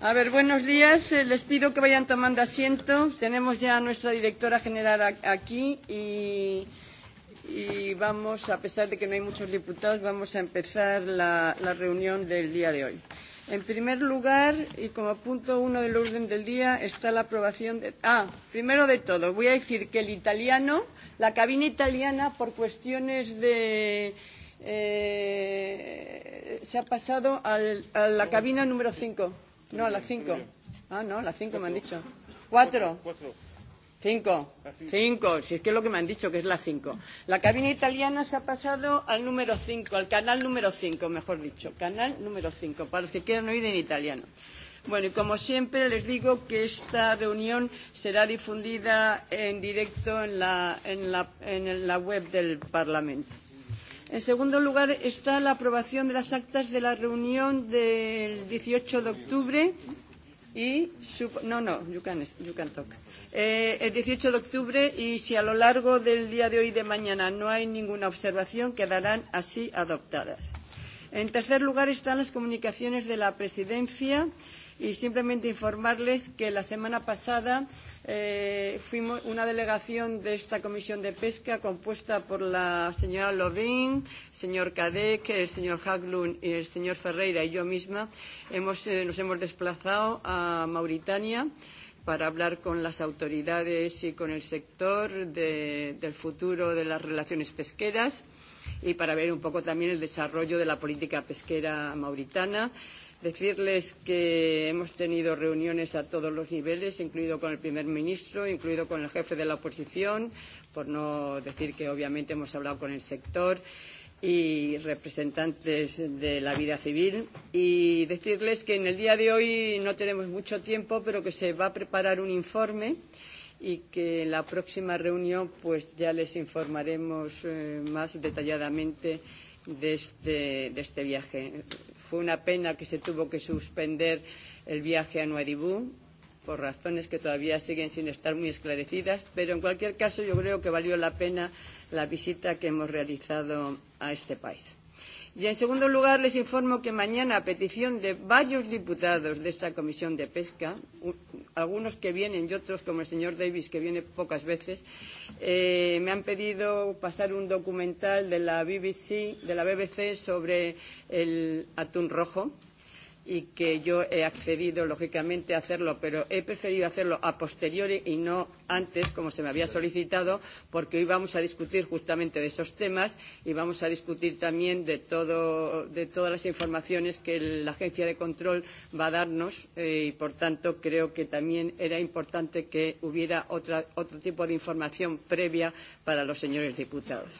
A ver, buenos días. Les pido que vayan tomando asiento. Tenemos ya a nuestra directora general aquí y, y vamos, a pesar de que no hay muchos diputados, vamos a empezar la, la reunión del día de hoy. En primer lugar, y como punto uno del orden del día, está la aprobación de... Ah, primero de todo, voy a decir que el italiano, la cabina italiana, por cuestiones de eh, se ha pasado al, a la cabina número 5. No, a las cinco. Ah, no, a las cinco me han dicho. Cuatro. Cinco. Cinco, si es que es lo que me han dicho, que es las cinco. La cabina italiana se ha pasado al número cinco, al canal número cinco, mejor dicho. Canal número cinco, para los que quieran oír en italiano. Bueno, y como siempre les digo que esta reunión será difundida en directo en la, en la, en la web del Parlamento. En segundo lugar está la aprobación de las actas de la reunión del 18 de octubre y no no you can, you can talk. Eh, el 18 de octubre y si a lo largo del día de hoy y de mañana no hay ninguna observación quedarán así adoptadas. En tercer lugar están las comunicaciones de la presidencia. Y simplemente informarles que la semana pasada eh, fuimos una delegación de esta comisión de pesca compuesta por la señora Lovin, señor Cadec, el señor Haglund y el señor Ferreira y yo misma hemos, eh, nos hemos desplazado a Mauritania para hablar con las autoridades y con el sector de, del futuro de las relaciones pesqueras y para ver un poco también el desarrollo de la política pesquera mauritana. Decirles que hemos tenido reuniones a todos los niveles, incluido con el primer ministro, incluido con el jefe de la oposición, por no decir que obviamente hemos hablado con el sector y representantes de la vida civil y decirles que en el día de hoy no tenemos mucho tiempo, pero que se va a preparar un informe y que en la próxima reunión pues ya les informaremos eh, más detalladamente de este, de este viaje. Fue una pena que se tuvo que suspender el viaje a Nuadibú por razones que todavía siguen sin estar muy esclarecidas, pero en cualquier caso yo creo que valió la pena la visita que hemos realizado a este país. Y, en segundo lugar, les informo que mañana, a petición de varios diputados de esta Comisión de Pesca, algunos que vienen y otros, como el señor Davis, que viene pocas veces, eh, me han pedido pasar un documental de la BBC, de la BBC sobre el atún rojo y que yo he accedido, lógicamente, a hacerlo, pero he preferido hacerlo a posteriori y no antes, como se me había solicitado, porque hoy vamos a discutir justamente de esos temas y vamos a discutir también de, todo, de todas las informaciones que la Agencia de Control va a darnos eh, y, por tanto, creo que también era importante que hubiera otra, otro tipo de información previa para los señores diputados.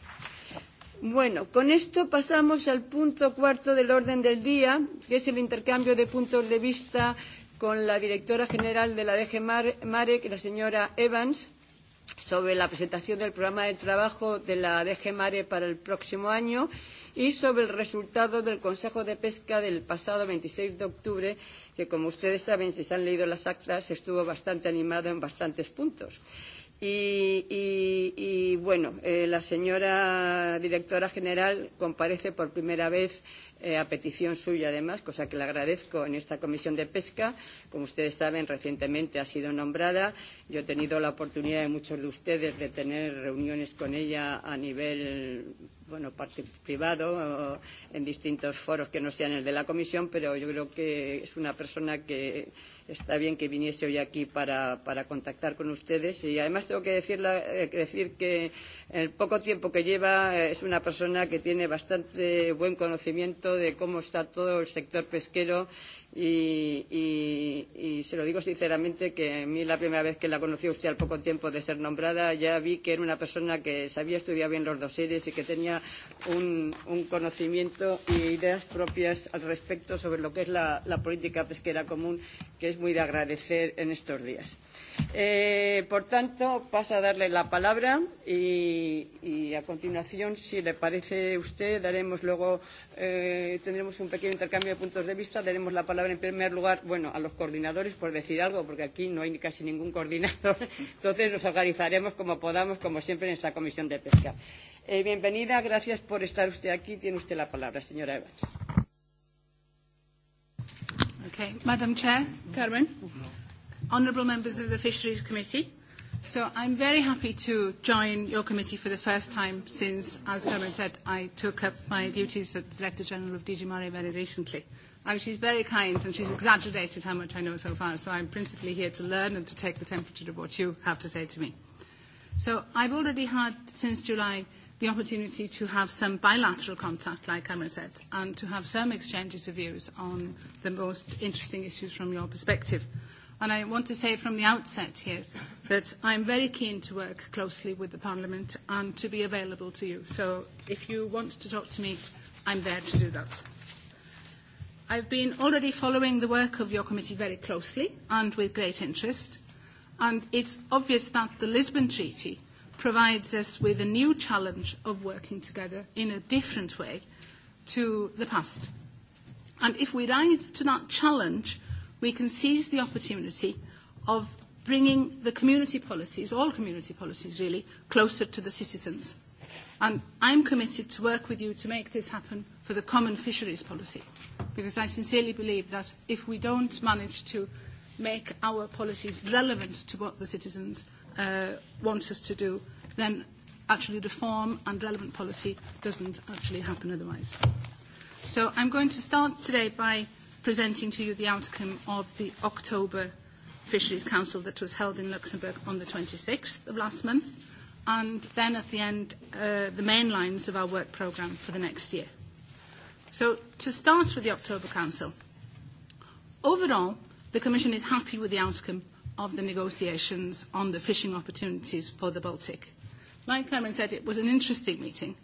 Bueno, con esto pasamos al punto cuarto del orden del día, que es el intercambio de puntos de vista con la directora general de la DG MAREC, la señora Evans, sobre la presentación del programa de trabajo de la DG MARE para el próximo año y sobre el resultado del Consejo de Pesca del pasado 26 de octubre, que como ustedes saben, si se han leído las actas, estuvo bastante animado en bastantes puntos. Y, y, y bueno, eh, la señora directora general comparece por primera vez eh, a petición suya, además, cosa que le agradezco en esta comisión de pesca. Como ustedes saben, recientemente ha sido nombrada. Yo he tenido la oportunidad de muchos de ustedes de tener reuniones con ella a nivel bueno, privado en distintos foros que no sean el de la comisión, pero yo creo que es una persona que está bien que viniese hoy aquí para, para contactar con ustedes y además tengo que decirle, decir que en el poco tiempo que lleva es una persona que tiene bastante buen conocimiento de cómo está todo el sector pesquero Y, y, y se lo digo sinceramente que a mí la primera vez que la conocí a usted al poco tiempo de ser nombrada ya vi que era una persona que sabía estudiar bien los dosieres y que tenía un, un conocimiento y ideas propias al respecto sobre lo que es la, la política pesquera común que es muy de agradecer en estos días. Eh, por tanto, paso a darle la palabra y, y a continuación, si le parece a usted, daremos luego eh, tendremos un pequeño intercambio de puntos de vista. Daremos la palabra en primer lugar bueno, a los coordinadores por decir algo, porque aquí no hay casi ningún coordinador. Entonces nos organizaremos como podamos, como siempre en esta comisión de pesca. Eh, bienvenida, gracias por estar usted aquí. Tiene usted la palabra, señora Evans. Okay. Madam Chair, Carmen, honourable members of the Fisheries Committee. So I'm very happy to join your committee for the first time since, as Carmen said, I took up my duties as Director General of DG Mare very recently. And she's very kind and she's exaggerated how much I know so far, so I'm principally here to learn and to take the temperature of what you have to say to me. So I've already had, since July, the opportunity to have some bilateral contact, like Cameron said, and to have some exchanges of views on the most interesting issues from your perspective. And I want to say from the outset here that I'm very keen to work closely with the Parliament and to be available to you. So if you want to talk to me, I'm there to do that. I've been already following the work of your committee very closely and with great interest, and it's obvious that the Lisbon Treaty provides us with a new challenge of working together in a different way to the past. And if we rise to that challenge, we can seize the opportunity of bringing the community policies, all community policies really, closer to the citizens. And I'm committed to work with you to make this happen for the common fisheries policy, because I sincerely believe that if we don't manage to make our policies relevant to what the citizens uh, want us to do, then actually reform and relevant policy doesn't actually happen otherwise. So I'm going to start today by presenting to you the outcome of the October Fisheries Council that was held in Luxembourg on the 26th of last month, and then at the end, uh, the main lines of our work programme for the next year. So to start with the October Council, overall, the Commission is happy with the outcome of the negotiations on the fishing opportunities for the Baltic. Like Cameron said, it was an interesting meeting.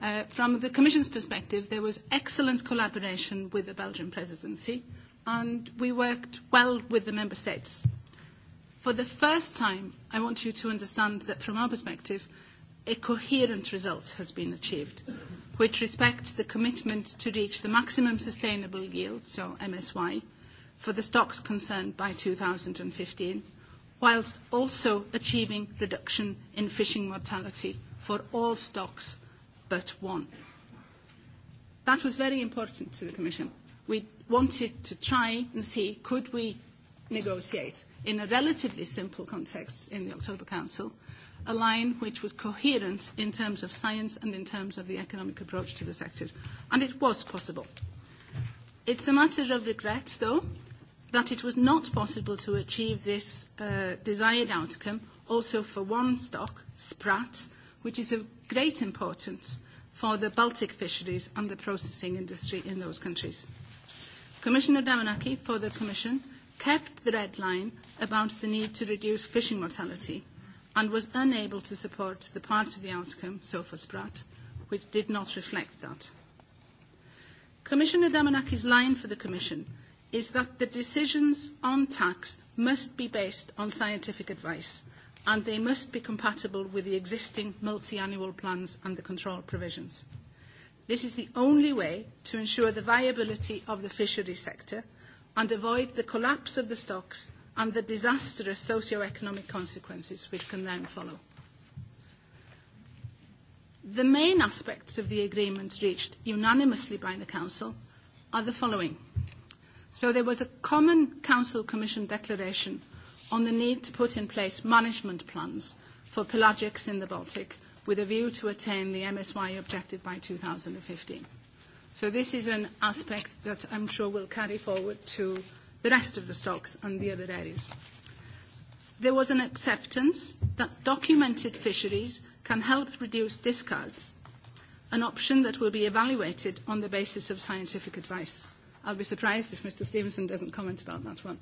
Uh, from the Commission's perspective, there was excellent collaboration with the Belgian presidency, and we worked well with the member states. For the first time, I want you to understand that from our perspective, a coherent result has been achieved, which respects the commitment to reach the maximum sustainable yield, so MSY, for the stocks concerned by 2015, whilst also achieving reduction in fishing mortality for all stocks but one. That was very important to the Commission we wanted to try and see could we negotiate in a relatively simple context in the October Council a line which was coherent in terms of science and in terms of the economic approach to the sector. And it was possible. It's a matter of regret, though, that it was not possible to achieve this uh, desired outcome also for one stock, sprat, which is of great importance for the Baltic fisheries and the processing industry in those countries. Commissioner Damanaki for the Commission kept the red line about the need to reduce fishing mortality and was unable to support the part of the outcome, sprat which did not reflect that. Commissioner Damanaki's line for the Commission is that the decisions on tax must be based on scientific advice and they must be compatible with the existing multi-annual plans and the control provisions. This is the only way to ensure the viability of the fishery sector and avoid the collapse of the stocks and the disastrous socio-economic consequences which can then follow. The main aspects of the agreement reached unanimously by the Council are the following. So there was a common Council Commission declaration on the need to put in place management plans for pelagics in the Baltic with a view to attain the MSY objective by 2015. So this is an aspect that I'm sure will carry forward to the rest of the stocks and the other areas. There was an acceptance that documented fisheries can help reduce discards, an option that will be evaluated on the basis of scientific advice. I'll be surprised if Mr. Stevenson doesn't comment about that one.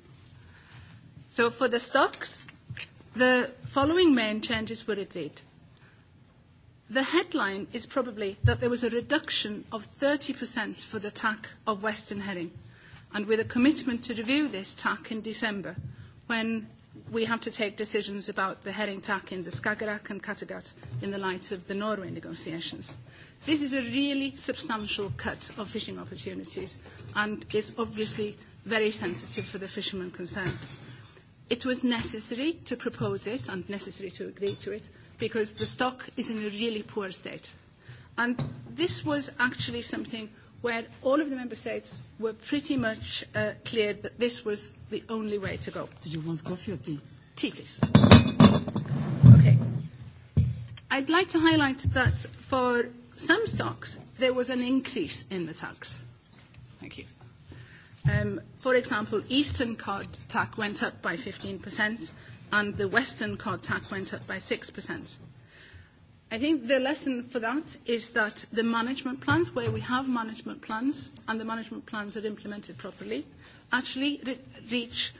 So for the stocks, the following main changes were agreed. The headline is probably that there was a reduction of 30% for the TAC of Western herring, and with a commitment to review this TAC in December, when we have to take decisions about the herring TAC in the Skagerrak and Kattegat in the light of the Norway negotiations. This is a really substantial cut of fishing opportunities, and is obviously very sensitive for the fishermen concerned. It was necessary to propose it and necessary to agree to it, because the stock is in a really poor state. And this was actually something where all of the member states were pretty much uh, clear that this was the only way to go. Did you want coffee or tea? Tea, please. Okay. I'd like to highlight that for some stocks, there was an increase in the tax. Thank you. Um, for example, Eastern cod tax went up by 15% and the Western cod tax went up by 6%. I think the lesson for that is that the management plans, where we have management plans and the management plans are implemented properly, actually reach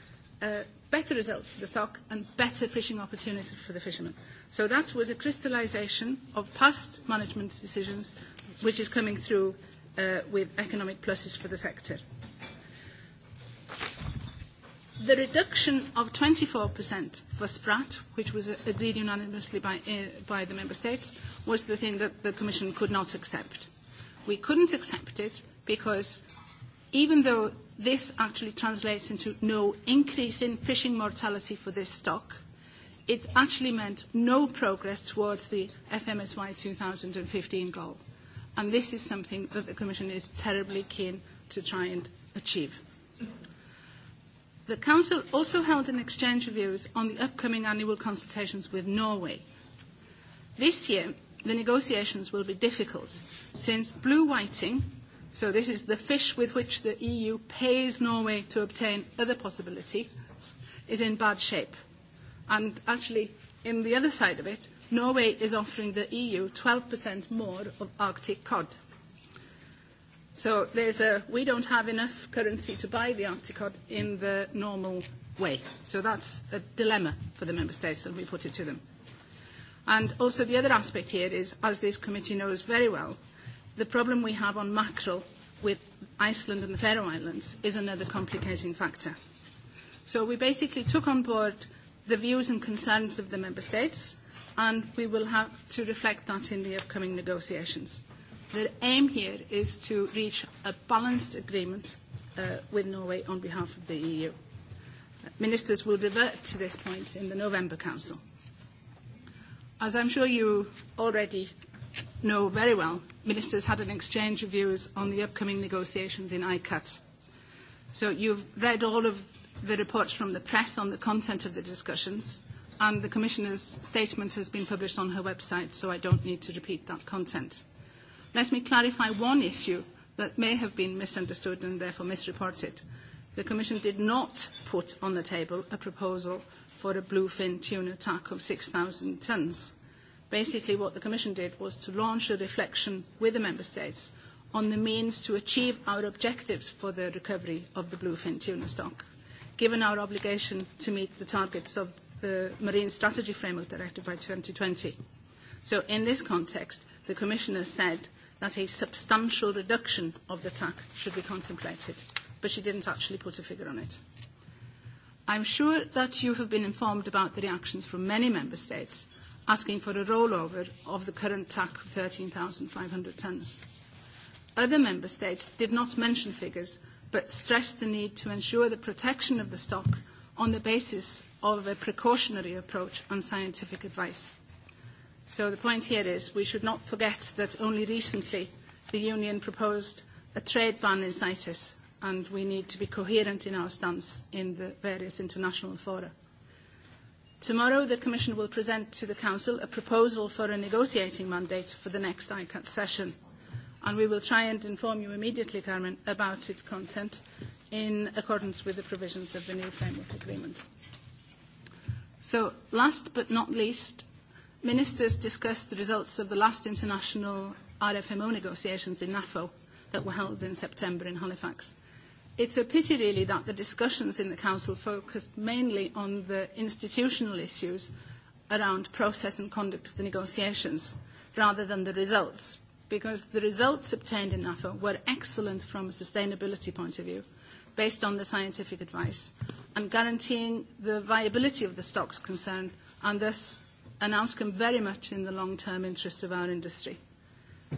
better results for the stock and better fishing opportunities for the fishermen. So that was a crystallisation of past management decisions, which is coming through with economic pluses for the sector. The reduction of 24% for Sprat, which was agreed unanimously by, by the Member States, was the thing that the Commission could not accept. We couldn't accept it because even though this actually translates into no increase in fishing mortality for this stock, it actually meant no progress towards the FMSY 2015 goal. And this is something that the Commission is terribly keen to try and achieve. The Council also held an exchange of views on the upcoming annual consultations with Norway. This year, the negotiations will be difficult since blue whiting, so this is the fish with which the EU pays Norway to obtain other possibility, is in bad shape. And actually, in the other side of it, Norway is offering the EU 12% more of Arctic cod. So there's a, we don't have enough currency to buy the Arcticod in the normal way. So that's a dilemma for the member states, and we put it to them. And also the other aspect here is, as this committee knows very well, the problem we have on mackerel with Iceland and the Faroe Islands is another complicating factor. So we basically took on board the views and concerns of the member states, and we will have to reflect that in the upcoming negotiations. The aim here is to reach a balanced agreement uh, with Norway on behalf of the EU. Ministers will revert to this point in the November Council. As I'm sure you already know very well, ministers had an exchange of views on the upcoming negotiations in ICAT. So you've read all of the reports from the press on the content of the discussions, and the Commissioner's statement has been published on her website, so I don't need to repeat that content. Let me clarify one issue that may have been misunderstood and therefore misreported. The Commission did not put on the table a proposal for a bluefin tuna tac of 6,000 tonnes. Basically, what the Commission did was to launch a reflection with the Member States on the means to achieve our objectives for the recovery of the bluefin tuna stock. Given our obligation to meet the targets of the Marine Strategy Framework Directive by 2020. So in this context, the Commissioner said that a substantial reduction of the TAC should be contemplated, but she didn't actually put a figure on it. I'm sure that you have been informed about the reactions from many member states asking for a rollover of the current TAC of 13,500 tonnes. Other member states did not mention figures, but stressed the need to ensure the protection of the stock on the basis of a precautionary approach on scientific advice. So the point here is we should not forget that only recently the Union proposed a trade ban in CITES, and we need to be coherent in our stance in the various international fora. Tomorrow, the Commission will present to the Council a proposal for a negotiating mandate for the next ICAT session, and we will try and inform you immediately, Carmen, about its content in accordance with the provisions of the new framework agreement. So, last but not least, Ministers discussed the results of the last international RFMO negotiations in NAFO that were held in September in Halifax. It's a pity, really, that the discussions in the Council focused mainly on the institutional issues around process and conduct of the negotiations rather than the results, because the results obtained in NAFO were excellent from a sustainability point of view, based on the scientific advice, and guaranteeing the viability of the stocks concerned and thus an outcome very much in the long-term interest of our industry.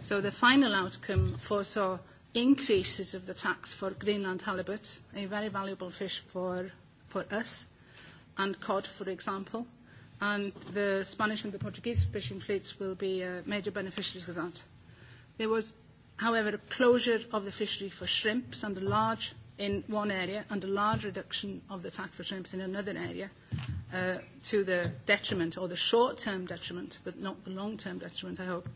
So the final outcome foresaw increases of the tax for Greenland halibut, a very valuable fish for, for us, and cod, for example. And the Spanish and the Portuguese fishing fleets will be uh, major beneficiaries of that. There was, however, a closure of the fishery for shrimps and a large in one area and a large reduction of the tax for shrimps in another area uh, to the detriment or the short-term detriment, but not the long-term detriment, I hope,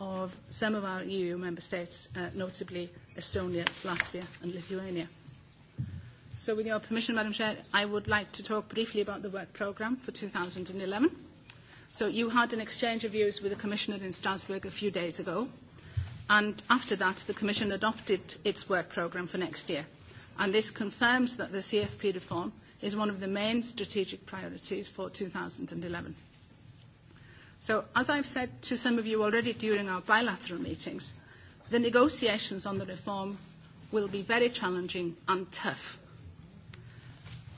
of some of our EU member states, uh, notably Estonia, Latvia and Lithuania. So with your permission, Madam Chair, I would like to talk briefly about the work programme for 2011. So you had an exchange of views with the Commissioner in Strasbourg a few days ago, and after that the Commission adopted its work programme for next year. And this confirms that the CFP reform is one of the main strategic priorities for 2011. So, as I've said to some of you already during our bilateral meetings, the negotiations on the reform will be very challenging and tough.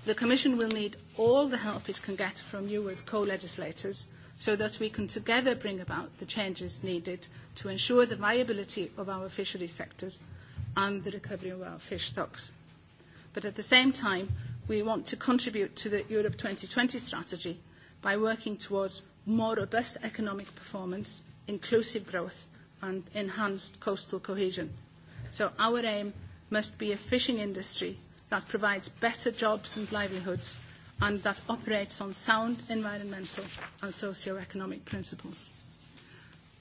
The Commission will need all the help it can get from you as co-legislators so that we can together bring about the changes needed to ensure the viability of our fisheries sectors and the recovery of our fish stocks. But at the same time, we want to contribute to the Europe 2020 strategy by working towards more robust economic performance, inclusive growth and enhanced coastal cohesion. So our aim must be a fishing industry that provides better jobs and livelihoods and that operates on sound environmental and socio-economic principles.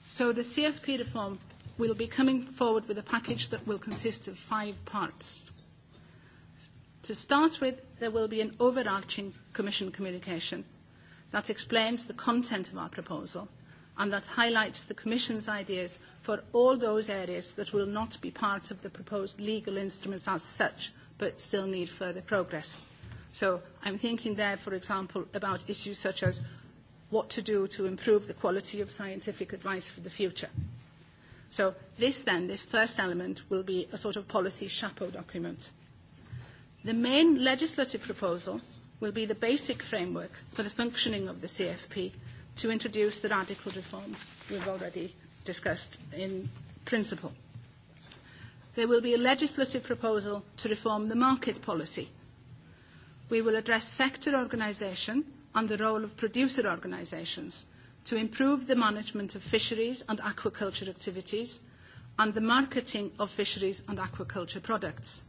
So the CFP reform will be coming forward with a package that will consist of five parts. To start with, there will be an overarching Commission communication that explains the content of our proposal and that highlights the Commission's ideas for all those areas that will not be part of the proposed legal instruments as such, but still need further progress. So I'm thinking there, for example, about issues such as what to do to improve the quality of scientific advice for the future. So this then, this first element, will be a sort of policy chapeau document – The main legislative proposal will be the basic framework for the functioning of the CFP to introduce the radical reform we've already discussed in principle. There will be a legislative proposal to reform the market policy. We will address sector organisation and the role of producer organisations to improve the management of fisheries and aquaculture activities and the marketing of fisheries and aquaculture products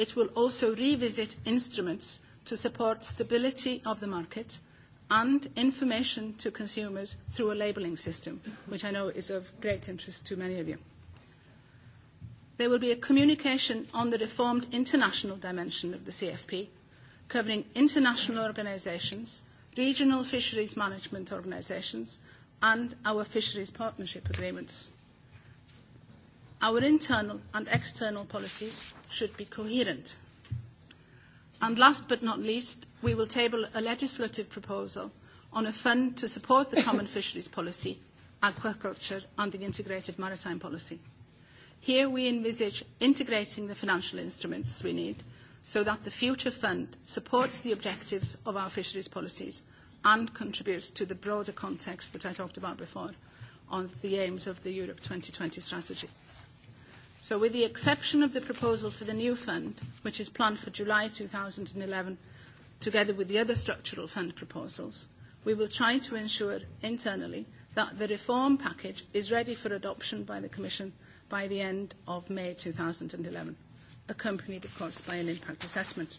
it will also revisit instruments to support stability of the market and information to consumers through a labelling system, which I know is of great interest to many of you. There will be a communication on the reformed international dimension of the CFP, covering international organisations, regional fisheries management organisations, and our fisheries partnership agreements our internal and external policies should be coherent. And last but not least, we will table a legislative proposal on a fund to support the common fisheries policy, aquaculture and the integrated maritime policy. Here we envisage integrating the financial instruments we need so that the future fund supports the objectives of our fisheries policies and contributes to the broader context that I talked about before on the aims of the Europe 2020 strategy. So with the exception of the proposal for the new fund, which is planned for July 2011, together with the other structural fund proposals, we will try to ensure internally that the reform package is ready for adoption by the Commission by the end of May 2011, accompanied, of course, by an impact assessment.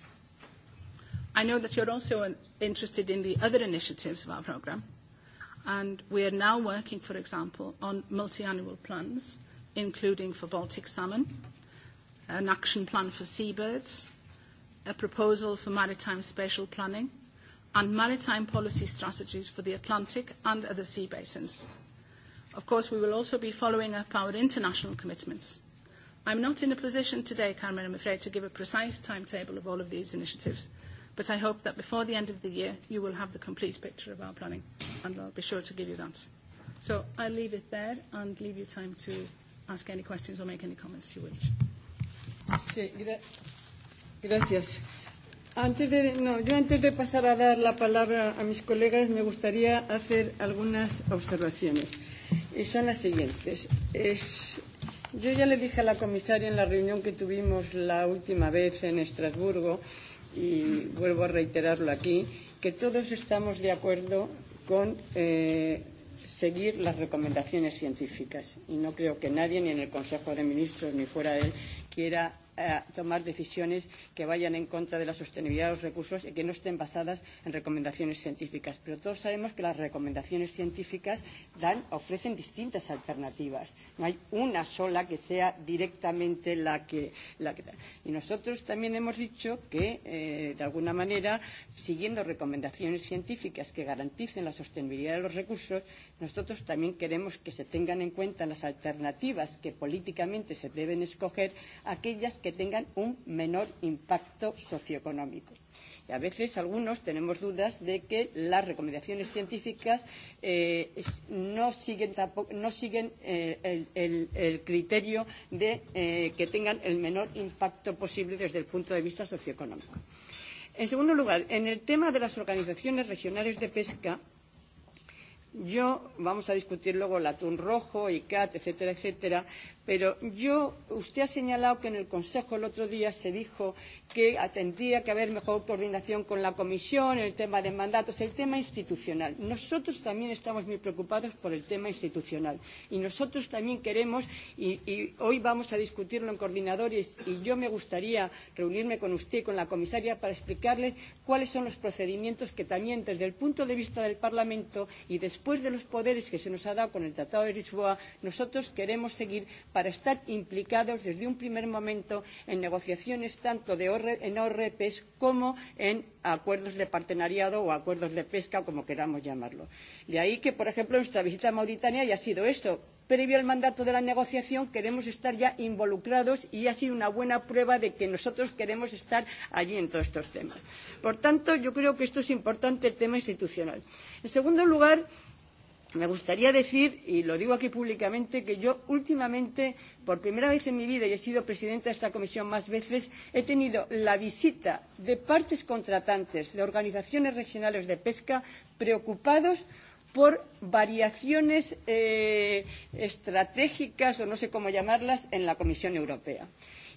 I know that you're also interested in the other initiatives of our programme, and we are now working, for example, on multi-annual plans – including for Baltic salmon, an action plan for seabirds, a proposal for maritime spatial planning, and maritime policy strategies for the Atlantic and other sea basins. Of course, we will also be following up our international commitments. I'm not in a position today, Carmen, I'm afraid, to give a precise timetable of all of these initiatives, but I hope that before the end of the year, you will have the complete picture of our planning, and I'll be sure to give you that. So I'll leave it there and leave you time to ask any questions or make any comments you wish. Sí, gra gracias. Antes de, no, yo antes de pasar a dar la palabra a mis colegas, me gustaría hacer algunas observaciones. Y son las siguientes. Es, yo ya le dije a la comisaria en la reunión que tuvimos la última vez en Estrasburgo, y vuelvo a reiterarlo aquí, que todos estamos de acuerdo con eh, seguir las recomendaciones científicas. Y no creo que nadie, ni en el Consejo de Ministros, ni fuera de él, quiera tomar decisiones que vayan en contra de la sostenibilidad de los recursos y que no estén basadas en recomendaciones científicas. Pero todos sabemos que las recomendaciones científicas dan, ofrecen distintas alternativas. No hay una sola que sea directamente la que. La que y nosotros también hemos dicho que, eh, de alguna manera, siguiendo recomendaciones científicas que garanticen la sostenibilidad de los recursos, nosotros también queremos que se tengan en cuenta las alternativas que políticamente se deben escoger, aquellas que tengan un menor impacto socioeconómico. Y a veces algunos tenemos dudas de que las recomendaciones científicas eh, no siguen, tampoco, no siguen eh, el, el, el criterio de eh, que tengan el menor impacto posible desde el punto de vista socioeconómico. En segundo lugar, en el tema de las organizaciones regionales de pesca, Yo, vamos a discutir luego el atún rojo, ICAT, etcétera, etcétera, Pero yo, usted ha señalado que en el Consejo el otro día se dijo que tendría que haber mejor coordinación con la Comisión, el tema de mandatos, el tema institucional. Nosotros también estamos muy preocupados por el tema institucional y nosotros también queremos, y, y hoy vamos a discutirlo en coordinadores, y yo me gustaría reunirme con usted y con la comisaria para explicarle cuáles son los procedimientos que también desde el punto de vista del Parlamento y después de los poderes que se nos ha dado con el Tratado de Lisboa, nosotros queremos seguir para para estar implicados desde un primer momento en negociaciones tanto de en ORP como en acuerdos de partenariado o acuerdos de pesca, como queramos llamarlo. De ahí que, por ejemplo, nuestra visita a Mauritania haya sido esto. Previo al mandato de la negociación queremos estar ya involucrados y ha sido una buena prueba de que nosotros queremos estar allí en todos estos temas. Por tanto, yo creo que esto es importante el tema institucional. En segundo lugar, Me gustaría decir, y lo digo aquí públicamente, que yo últimamente, por primera vez en mi vida, y he sido presidenta de esta comisión más veces, he tenido la visita de partes contratantes, de organizaciones regionales de pesca, preocupados por variaciones eh, estratégicas, o no sé cómo llamarlas, en la Comisión Europea.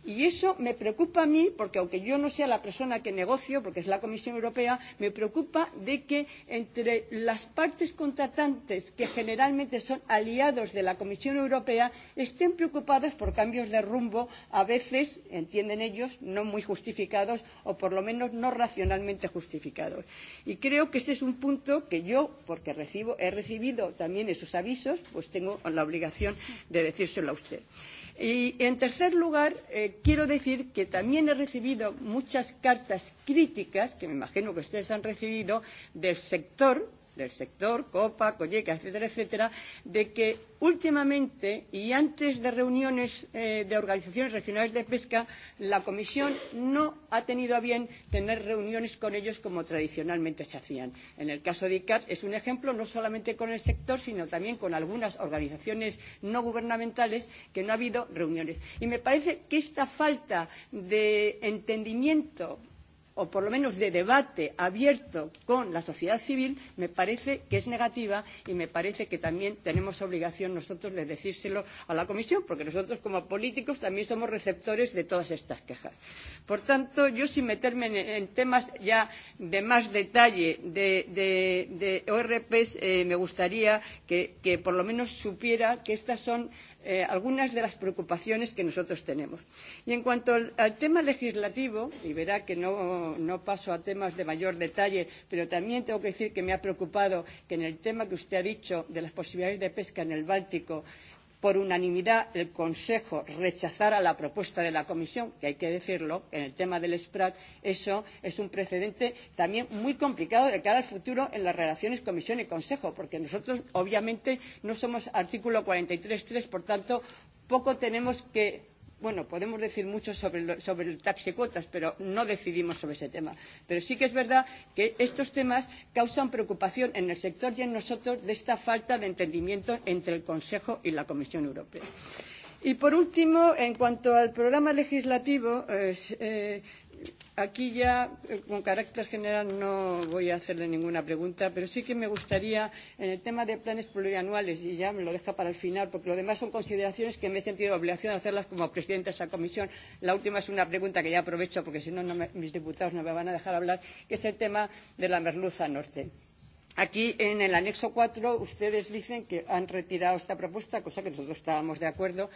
Y eso me preocupa a mí, porque aunque yo no sea la persona que negocio, porque es la Comisión Europea, me preocupa de que entre las partes contratantes, que generalmente son aliados de la Comisión Europea, estén preocupadas por cambios de rumbo, a veces, entienden ellos, no muy justificados o por lo menos no racionalmente justificados. Y creo que este es un punto que yo, porque recibo, he recibido también esos avisos, pues tengo la obligación de decírselo a usted. Y, en tercer lugar, eh, quiero decir que también he recibido muchas cartas críticas, que me imagino que ustedes han recibido, del sector del sector, COPA, Colleca, etcétera, etcétera, de que últimamente y antes de reuniones eh, de organizaciones regionales de pesca, la Comisión no ha tenido a bien tener reuniones con ellos como tradicionalmente se hacían. En el caso de ICAT es un ejemplo no solamente con el sector, sino también con algunas organizaciones no gubernamentales que no ha habido reuniones. Y me parece que esta falta de entendimiento o por lo menos de debate abierto con la sociedad civil, me parece que es negativa y me parece que también tenemos obligación nosotros de decírselo a la Comisión, porque nosotros como políticos también somos receptores de todas estas quejas. Por tanto, yo sin meterme en, temas ya de más detalle de, de, de ORPs, eh, me gustaría que, que por lo menos supiera que estas son eh, algunas de las preocupaciones que nosotros tenemos. Y en cuanto al, al tema legislativo, y verá que no, no paso a temas de mayor detalle, pero también tengo que decir que me ha preocupado que en el tema que usted ha dicho de las posibilidades de pesca en el Báltico, por unanimidad el Consejo rechazara la propuesta de la Comisión, que hay que decirlo, en el tema del SPRAT, eso es un precedente también muy complicado de cara al futuro en las relaciones Comisión y Consejo, porque nosotros obviamente no somos artículo 43.3, por tanto, poco tenemos que bueno, podemos decir mucho sobre, lo, sobre el taxi cuotas, pero no decidimos sobre ese tema. Pero sí que es verdad que estos temas causan preocupación en el sector y en nosotros de esta falta de entendimiento entre el Consejo y la Comisión Europea. Y por último, en cuanto al programa legislativo, eh, eh, Aquí ya, con carácter general, no voy a hacerle ninguna pregunta, pero sí que me gustaría, en el tema de planes plurianuales, y ya me lo deja para el final, porque lo demás son consideraciones que me he sentido obligación de hacerlas como presidenta de esta comisión. La última es una pregunta que ya aprovecho, porque si no, me, mis diputados no me van a dejar hablar, que es el tema de la merluza norte. Aquí en el anexo cuatro ustedes dicen que han retirado esta propuesta, cosa que nosotros estábamos de acuerdo,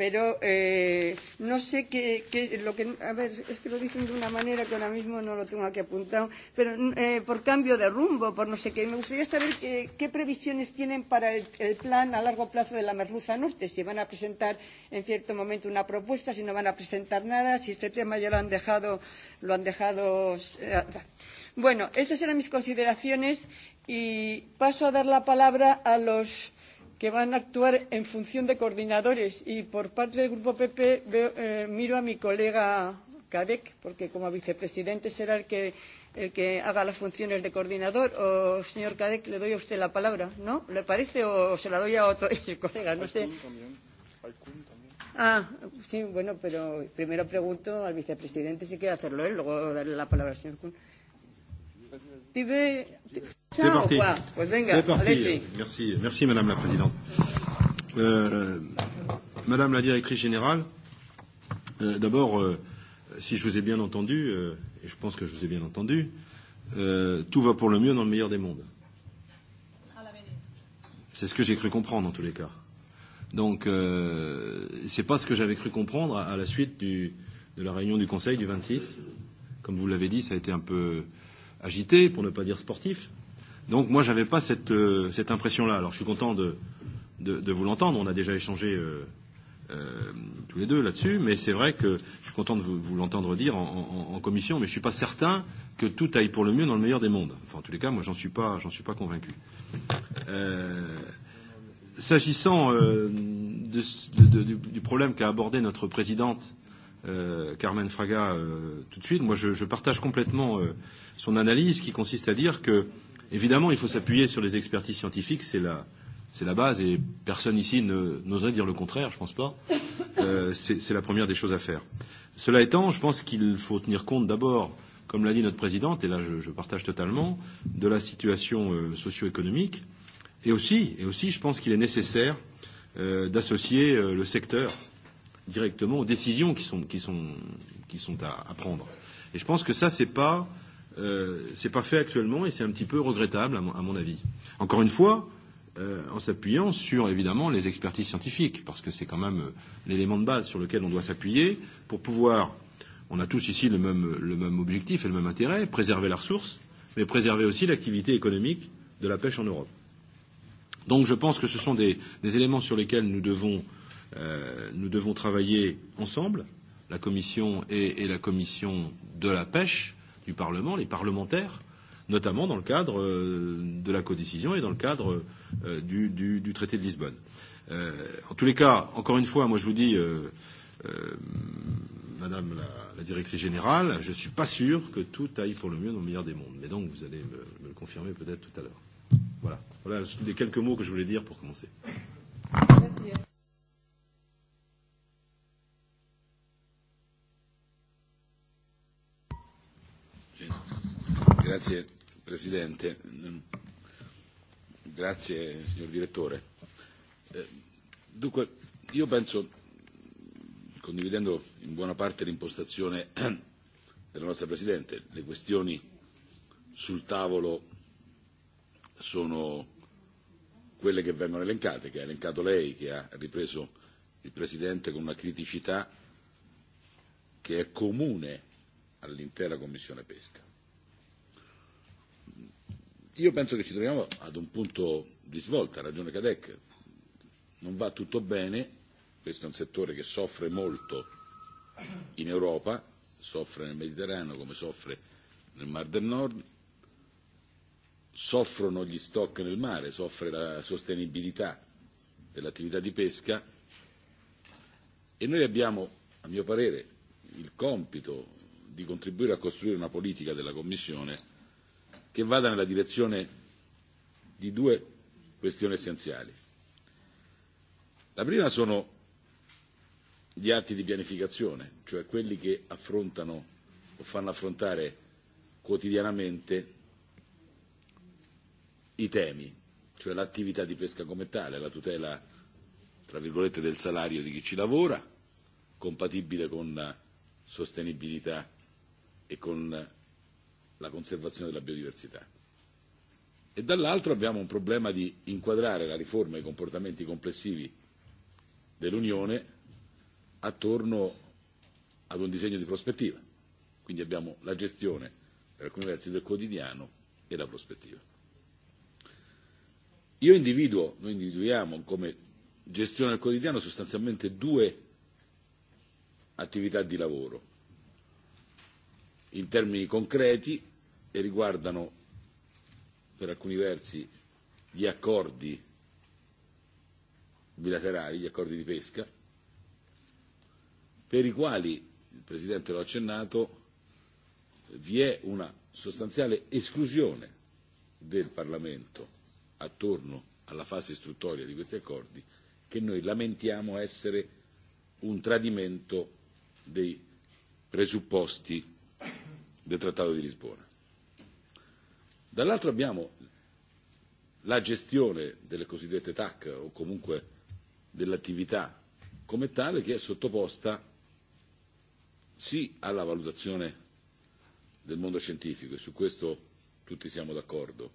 Pero eh, no sé qué, qué lo que a ver es que lo dicen de una manera que ahora mismo no lo tengo aquí apuntado, pero eh, por cambio de rumbo, por no sé qué. Me gustaría saber qué, qué previsiones tienen para el, el plan a largo plazo de la merluza norte, si van a presentar en cierto momento una propuesta, si no van a presentar nada, si este tema ya lo han dejado, lo han dejado. Eh, bueno, estas eran mis consideraciones y paso a dar la palabra a los que van a actuar en función de coordinadores. Y por parte del Grupo PP veo, eh, miro a mi colega Cadec, porque como vicepresidente será el que, el que haga las funciones de coordinador. O, señor Cadec, le doy a usted la palabra, ¿no? ¿Le parece o se la doy a otro colega? No sé. Ah, sí, bueno, pero primero pregunto al vicepresidente si quiere hacerlo él, luego darle la palabra al señor Kuhn. Tu veux. C'est parti. Pues parti. Merci, merci Madame la Présidente. Euh, Madame la Directrice Générale, euh, d'abord, euh, si je vous ai bien entendu, euh, et je pense que je vous ai bien entendu, euh, tout va pour le mieux dans le meilleur des mondes. C'est ce que j'ai cru comprendre en tous les cas. Donc, euh, c'est pas ce que j'avais cru comprendre à, à la suite du, de la réunion du Conseil du 26. Comme vous l'avez dit, ça a été un peu euh, agité, pour ne pas dire sportif. Donc moi, je n'avais pas cette, euh, cette impression-là. Alors je suis content de, de, de vous l'entendre. On a déjà échangé euh, euh, tous les deux là-dessus, mais c'est vrai que je suis content de vous, vous l'entendre dire en, en, en commission, mais je ne suis pas certain que tout aille pour le mieux dans le meilleur des mondes. Enfin, en tous les cas, moi, j'en suis pas, j'en suis pas convaincu. Euh, S'agissant euh, de, de, de, du problème qu'a abordé notre présidente euh, Carmen Fraga euh, tout de suite. Moi, je, je partage complètement euh, son analyse qui consiste à dire que, évidemment, il faut s'appuyer sur les expertises scientifiques, c'est la, c'est la base, et personne ici n'oserait dire le contraire, je pense pas. Euh, c'est la première des choses à faire. Cela étant, je pense qu'il faut tenir compte d'abord, comme l'a dit notre présidente, et là je, je partage totalement, de la situation euh, socio-économique, et aussi, et aussi, je pense qu'il est nécessaire euh, d'associer euh, le secteur euh, directement aux décisions qui sont, qui sont, qui sont à, à prendre. Et je pense que ça, ce n'est pas, euh, pas fait actuellement et c'est un petit peu regrettable, à mon, à mon avis. Encore une fois, euh, en s'appuyant sur, évidemment, les expertises scientifiques, parce que c'est quand même l'élément de base sur lequel on doit s'appuyer pour pouvoir, on a tous ici le même, le même objectif et le même intérêt, préserver la ressource, mais préserver aussi l'activité économique de la pêche en Europe. Donc je pense que ce sont des, des éléments sur lesquels nous devons euh, nous devons travailler ensemble, la Commission et, et la Commission de la pêche du Parlement, les parlementaires, notamment dans le cadre de la codécision et dans le cadre du, du, du traité de Lisbonne. Euh, en tous les cas, encore une fois, moi je vous dis, euh, euh, Madame la, la directrice générale, je ne suis pas sûr que tout aille pour le mieux dans le meilleur des mondes. Mais donc vous allez me, me le confirmer peut-être tout à l'heure. Voilà. voilà les quelques mots que je voulais dire pour commencer. Merci. Grazie Presidente, grazie signor Direttore. Dunque, io penso, condividendo in buona parte l'impostazione della nostra Presidente, le questioni sul tavolo sono quelle che vengono elencate, che ha elencato lei, che ha ripreso il Presidente con una criticità che è comune all'intera Commissione Pesca io penso che ci troviamo ad un punto di svolta, ha ragione Cadec, non va tutto bene, questo è un settore che soffre molto in Europa, soffre nel Mediterraneo come soffre nel Mar del Nord, soffrono gli stock nel mare, soffre la sostenibilità dell'attività di pesca e noi abbiamo, a mio parere, il compito di contribuire a costruire una politica della Commissione che vada nella direzione di due questioni essenziali. La prima sono gli atti di pianificazione, cioè quelli che affrontano o fanno affrontare quotidianamente i temi, cioè l'attività di pesca come tale, la tutela tra virgolette del salario di chi ci lavora, compatibile con sostenibilità e con la conservazione della biodiversità. E dall'altro abbiamo un problema di inquadrare la riforma e i comportamenti complessivi dell'Unione attorno ad un disegno di prospettiva. Quindi abbiamo la gestione, per alcuni versi, del quotidiano e la prospettiva. Io individuo, noi individuiamo come gestione del quotidiano sostanzialmente due attività di lavoro in termini concreti e riguardano per alcuni versi gli accordi bilaterali, gli accordi di pesca, per i quali, il Presidente lo ha accennato, vi è una sostanziale esclusione del Parlamento attorno alla fase istruttoria di questi accordi che noi lamentiamo essere un tradimento dei presupposti del Trattato di Lisbona. Dall'altro abbiamo la gestione delle cosiddette TAC o comunque dell'attività come tale che è sottoposta sì alla valutazione del mondo scientifico e su questo tutti siamo d'accordo,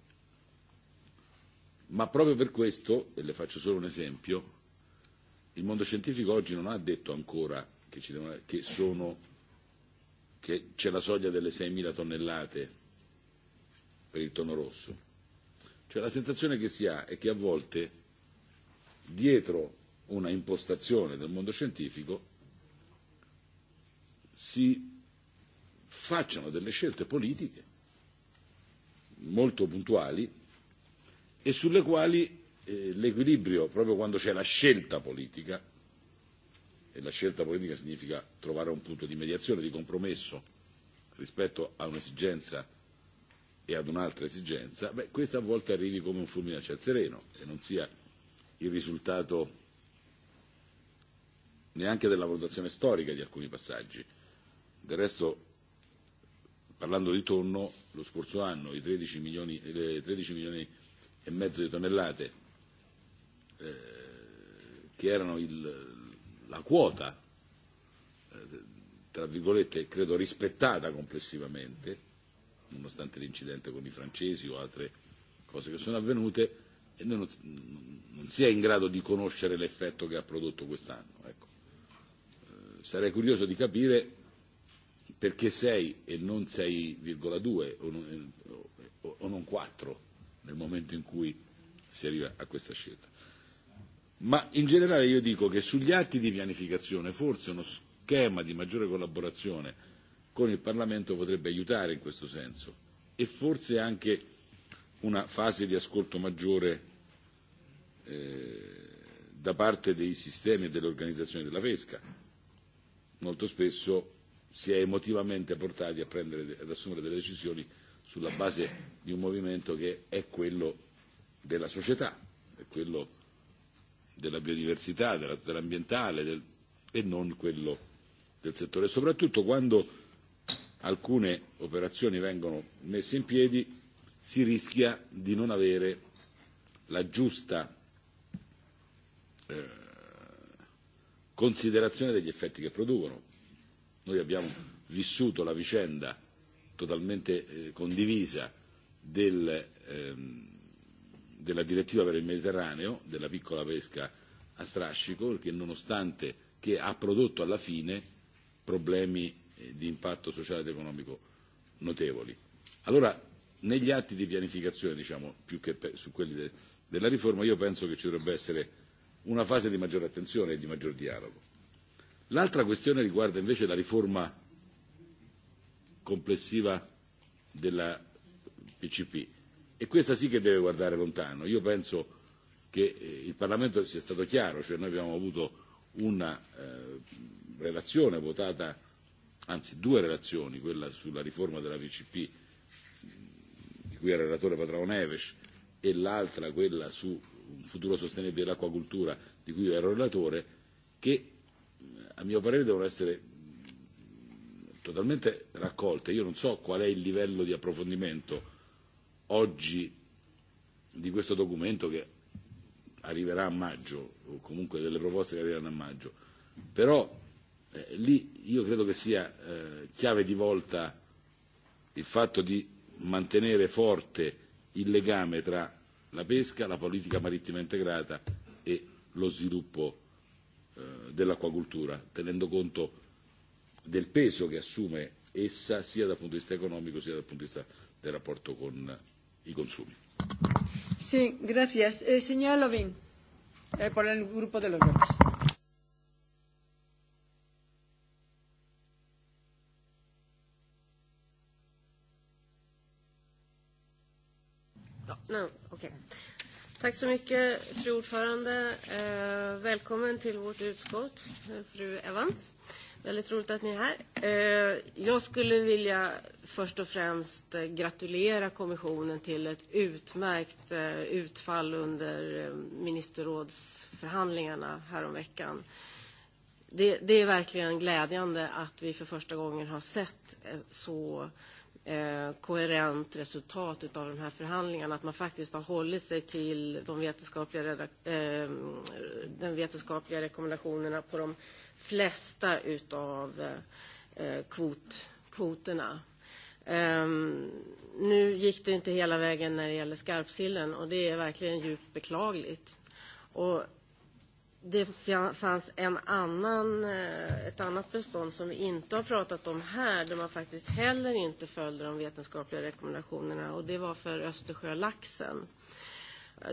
ma proprio per questo, e le faccio solo un esempio, il mondo scientifico oggi non ha detto ancora che, ci devono, che, sono, che c'è la soglia delle 6.000 tonnellate per il tono rosso. Cioè la sensazione che si ha è che a volte dietro una impostazione del mondo scientifico si facciano delle scelte politiche molto puntuali e sulle quali l'equilibrio, proprio quando c'è la scelta politica, e la scelta politica significa trovare un punto di mediazione, di compromesso rispetto a un'esigenza e ad un'altra esigenza, beh, questa a volte arrivi come un fulmine a ciel sereno e non sia il risultato neanche della valutazione storica di alcuni passaggi. Del resto, parlando di tonno, lo scorso anno i 13 milioni, le 13 milioni e mezzo di tonnellate eh, che erano il, la quota, eh, tra virgolette, credo rispettata complessivamente, nonostante l'incidente con i francesi o altre cose che sono avvenute, e noi non, non si è in grado di conoscere l'effetto che ha prodotto quest'anno. Ecco. Sarei curioso di capire perché 6 e non 6,2 o, o, o non 4 nel momento in cui si arriva a questa scelta. Ma in generale io dico che sugli atti di pianificazione forse uno schema di maggiore collaborazione con il Parlamento potrebbe aiutare in questo senso e forse anche una fase di ascolto maggiore da parte dei sistemi e delle organizzazioni della pesca. Molto spesso si è emotivamente portati a prendere, ad assumere delle decisioni sulla base di un movimento che è quello della società, è quello della biodiversità, dell'ambientale del, e non quello del settore. Soprattutto quando alcune operazioni vengono messe in piedi, si rischia di non avere la giusta considerazione degli effetti che producono. Noi abbiamo vissuto la vicenda totalmente condivisa del, della direttiva per il Mediterraneo, della piccola pesca a strascico, che nonostante che ha prodotto alla fine problemi di impatto sociale ed economico notevoli. Allora, negli atti di pianificazione, diciamo, più che su quelli de- della riforma, io penso che ci dovrebbe essere una fase di maggiore attenzione e di maggior dialogo. L'altra questione riguarda invece la riforma complessiva della PCP e questa sì che deve guardare lontano. Io penso che il Parlamento sia stato chiaro, cioè noi abbiamo avuto una relazione votata anzi due relazioni, quella sulla riforma della VCP di cui era relatore Patrao Neves e l'altra, quella su un futuro sostenibile dell'acquacultura di cui ero relatore, che a mio parere devono essere totalmente raccolte. Io non so qual è il livello di approfondimento oggi di questo documento che arriverà a maggio, o comunque delle proposte che arriveranno a maggio, però lì io credo che sia chiave di volta il fatto di mantenere forte il legame tra la pesca, la politica marittima integrata e lo sviluppo dell'acquacultura, tenendo conto del peso che assume essa sia dal punto di vista economico sia dal punto di vista del rapporto con i consumi. Eh, Lovin, eh, Okay. Tack så mycket, fru ordförande. Eh, välkommen till vårt utskott, fru Evans. Väldigt roligt att ni är här. jag skulle vilja först och främst gratulera kommissionen till ett utmärkt utfall under ministerrådsförhandlingarna häromveckan. Det, det är verkligen glädjande att vi för första gången har sett så koherent resultat av de här förhandlingarna. Att man faktiskt har hållit sig till de vetenskapliga, den vetenskapliga rekommendationerna på de flesta av kvot, kvoterna. Nu gick det inte hela vägen när det gäller skarpsillen och det är verkligen djupt beklagligt. Och det fanns en annan, ett annat bestånd som vi inte har pratat om här där man faktiskt heller inte följde de vetenskapliga rekommendationerna och det var för Östersjölaxen.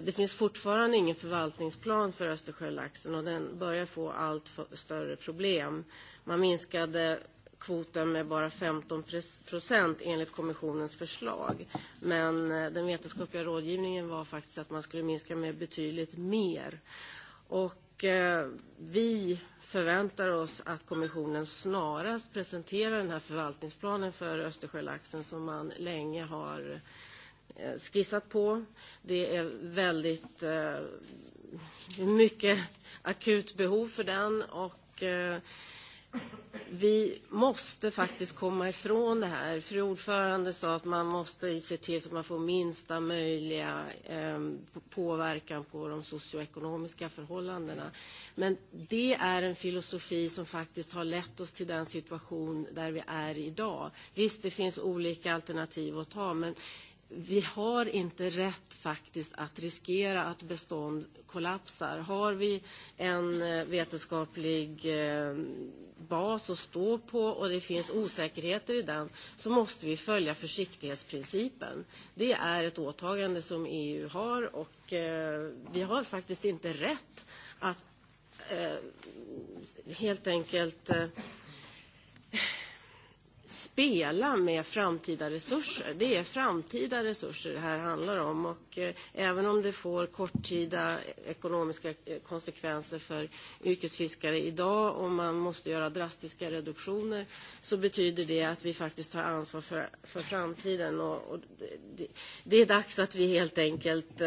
Det finns fortfarande ingen förvaltningsplan för Östersjölaxen och den börjar få allt större problem. Man minskade kvoten med bara 15 procent enligt kommissionens förslag. Men den vetenskapliga rådgivningen var faktiskt att man skulle minska med betydligt mer. Och vi förväntar oss att kommissionen snarast presenterar den här förvaltningsplanen för Östersjölaxen som man länge har skissat på. Det är väldigt mycket akut behov för den. och Vi måste faktiskt komma ifrån det här. Fru ordförande sa att man måste se till att man får minsta möjliga påverkan på de socioekonomiska förhållandena. Men det är en filosofi som faktiskt har lett oss till den situation där vi är idag. Visst, det finns olika alternativ att ta, men vi har inte rätt faktiskt att riskera att bestånd kollapsar. Har vi en vetenskaplig bas att stå på och det finns osäkerheter i den så måste vi följa försiktighetsprincipen. Det är ett åtagande som EU har och vi har faktiskt inte rätt att helt enkelt spela med framtida resurser. Det är framtida resurser det här handlar om och även om det får korttida ekonomiska konsekvenser för yrkesfiskare idag och man måste göra drastiska reduktioner så betyder det att vi faktiskt tar ansvar för, för framtiden och, och det, det är dags att vi helt enkelt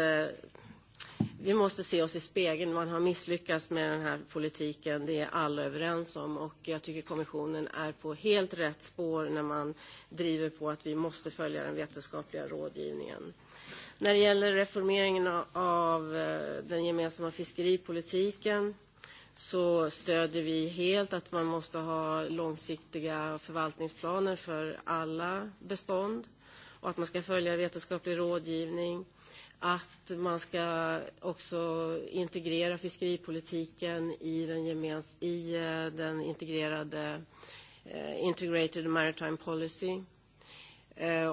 vi måste se oss i spegeln. Man har misslyckats med den här politiken, det är alla överens om. Och jag tycker kommissionen är på helt rätt spår när man driver på att vi måste följa den vetenskapliga rådgivningen. När det gäller reformeringen av den gemensamma fiskeripolitiken så stöder vi helt att man måste ha långsiktiga förvaltningsplaner för alla bestånd och att man ska följa vetenskaplig rådgivning. Eh, att man ska också integrera fiskeripolitiken i den, gemens i den integrerade Integrated Maritime Policy.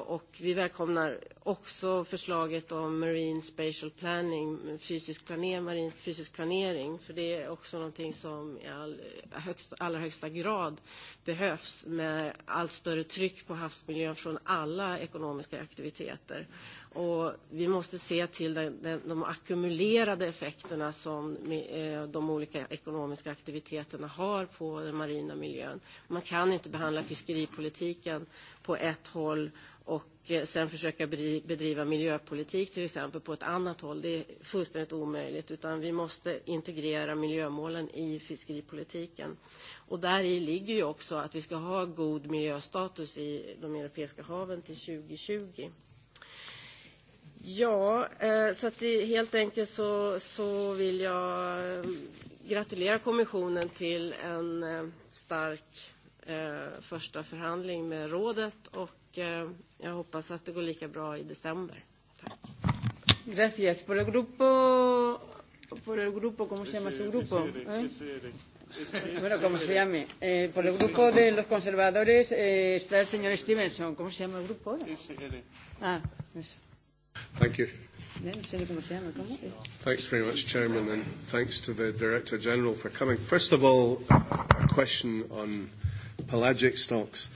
Och vi välkomnar också förslaget om Marine Spatial Planning, fysisk planering, marin fysisk planering, för det är också någonting som i all, allra högsta grad behövs med allt större tryck på havsmiljön från alla ekonomiska aktiviteter. Och vi måste se till de ackumulerade effekterna som de olika ekonomiska aktiviteterna har på den marina miljön. Man kan inte behandla fiskeripolitiken på ett håll och sen försöka bedriva miljöpolitik till exempel på ett annat håll. Det är fullständigt omöjligt. Utan vi måste integrera miljömålen i fiskeripolitiken. Och i ligger ju också att vi ska ha god miljöstatus i de europeiska haven till 2020. Ja, så att det, helt enkelt så, så vill jag gratulera kommissionen till en stark första förhandling med rådet och jag hoppas att det går lika bra i december. Tack. Gracias. Por el grupo, por el grupo, ¿cómo se llama su grupo? ¿Eh? Bueno, ¿cómo se llame. Eh, por el grupo de los conservadores eh, está el señor Stevenson. ¿Cómo se llama el grupo Ah, eso. Thank you. Thanks very much, Chairman, and thanks to the Director General for coming. First of all, a question on pelagic stocks.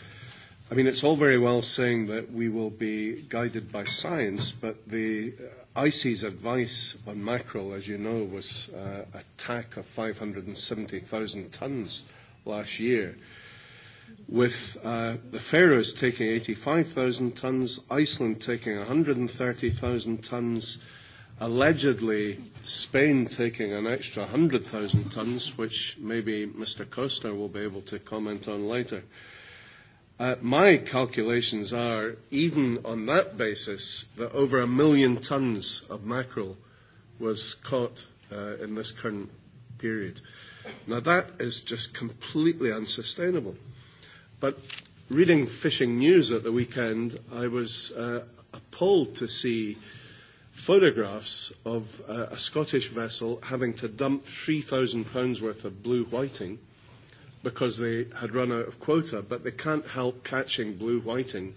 I mean, it's all very well saying that we will be guided by science, but the ICES advice on mackerel, as you know, was uh, a tack of 570,000 tonnes last year with uh, the Faroes taking 85,000 tonnes, Iceland taking 130,000 tonnes, allegedly Spain taking an extra 100,000 tonnes, which maybe Mr. Costa will be able to comment on later. Uh, my calculations are, even on that basis, that over a million tonnes of mackerel was caught uh, in this current period. Now that is just completely unsustainable. But reading fishing news at the weekend, I was uh, appalled to see photographs of uh, a Scottish vessel having to dump £3,000 worth of blue whiting because they had run out of quota, but they can't help catching blue whiting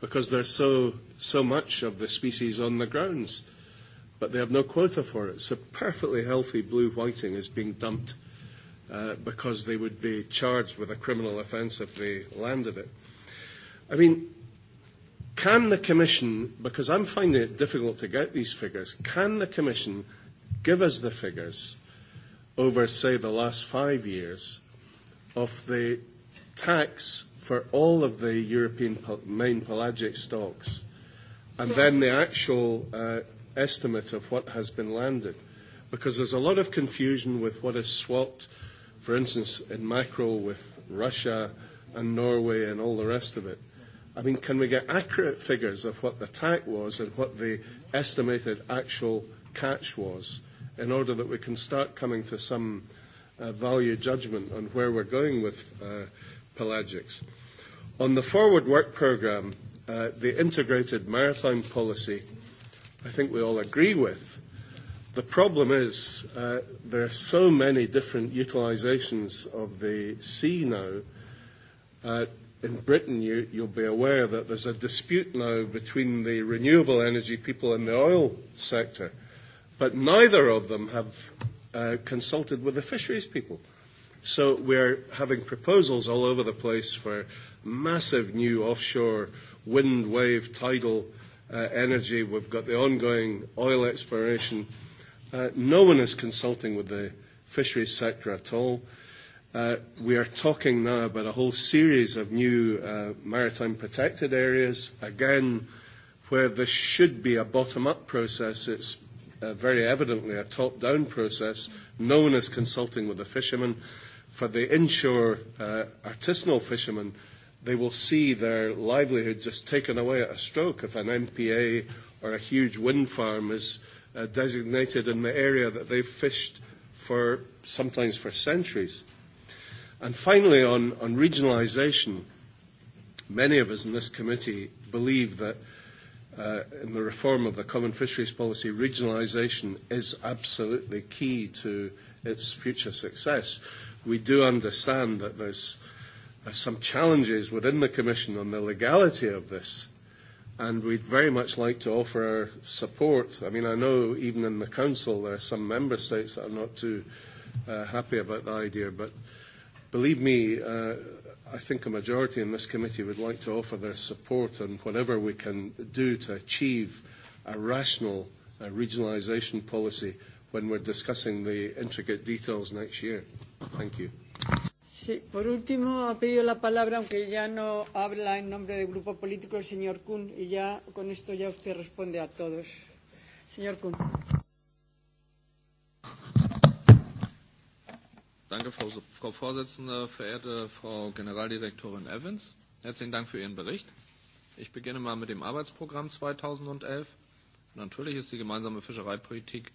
because there's so, so much of the species on the grounds, but they have no quota for it. So perfectly healthy blue whiting is being dumped – uh, because they would be charged with a criminal offence if they landed it. I mean, can the Commission, because I'm finding it difficult to get these figures, can the Commission give us the figures over, say, the last five years of the tax for all of the European main pelagic stocks and then the actual uh, estimate of what has been landed? Because there's a lot of confusion with what is swapped for instance, in macro with Russia and Norway and all the rest of it. I mean, can we get accurate figures of what the tack was and what the estimated actual catch was in order that we can start coming to some uh, value judgment on where we're going with uh, pelagics? On the forward work programme, uh, the integrated maritime policy, I think we all agree with The problem is uh, there are so many different utilisations of the sea now. Uh, in Britain, you, you'll be aware that there's a dispute now between the renewable energy people and the oil sector, but neither of them have uh, consulted with the fisheries people. So we're having proposals all over the place for massive new offshore wind, wave, tidal uh, energy. We've got the ongoing oil exploration. Uh, no one is consulting with the fisheries sector at all. Uh, we are talking now about a whole series of new uh, maritime protected areas. Again, where this should be a bottom-up process, it's uh, very evidently a top-down process. No one is consulting with the fishermen. For the inshore uh, artisanal fishermen, they will see their livelihood just taken away at a stroke if an MPA or a huge wind farm is uh, designated in the area that they've fished for sometimes for centuries. And finally, on, on regionalisation, many of us in this committee believe that uh, in the reform of the common fisheries policy, regionalisation is absolutely key to its future success. We do understand that there's uh, some challenges within the Commission on the legality of this and we'd very much like to offer our support. I mean, I know even in the council there are some member states that are not too uh, happy about the idea, but believe me, uh, I think a majority in this committee would like to offer their support on whatever we can do to achieve a rational uh, regionalisation policy when we're discussing the intricate details next year. Thank you. Sí, por último, ha pedido la palabra, aunque ya no habla en nombre del grupo político, el señor Kuhn, y ya con esto ya usted responde a todos. Señor Kuhn. Danke, Frau, Frau Vorsitzende, verehrte Frau Generaldirektorin Evans. Herzlichen Dank für Ihren Bericht. Ich beginne mal mit dem Arbeitsprogramm 2011. Natürlich ist die gemeinsame Fischereipolitik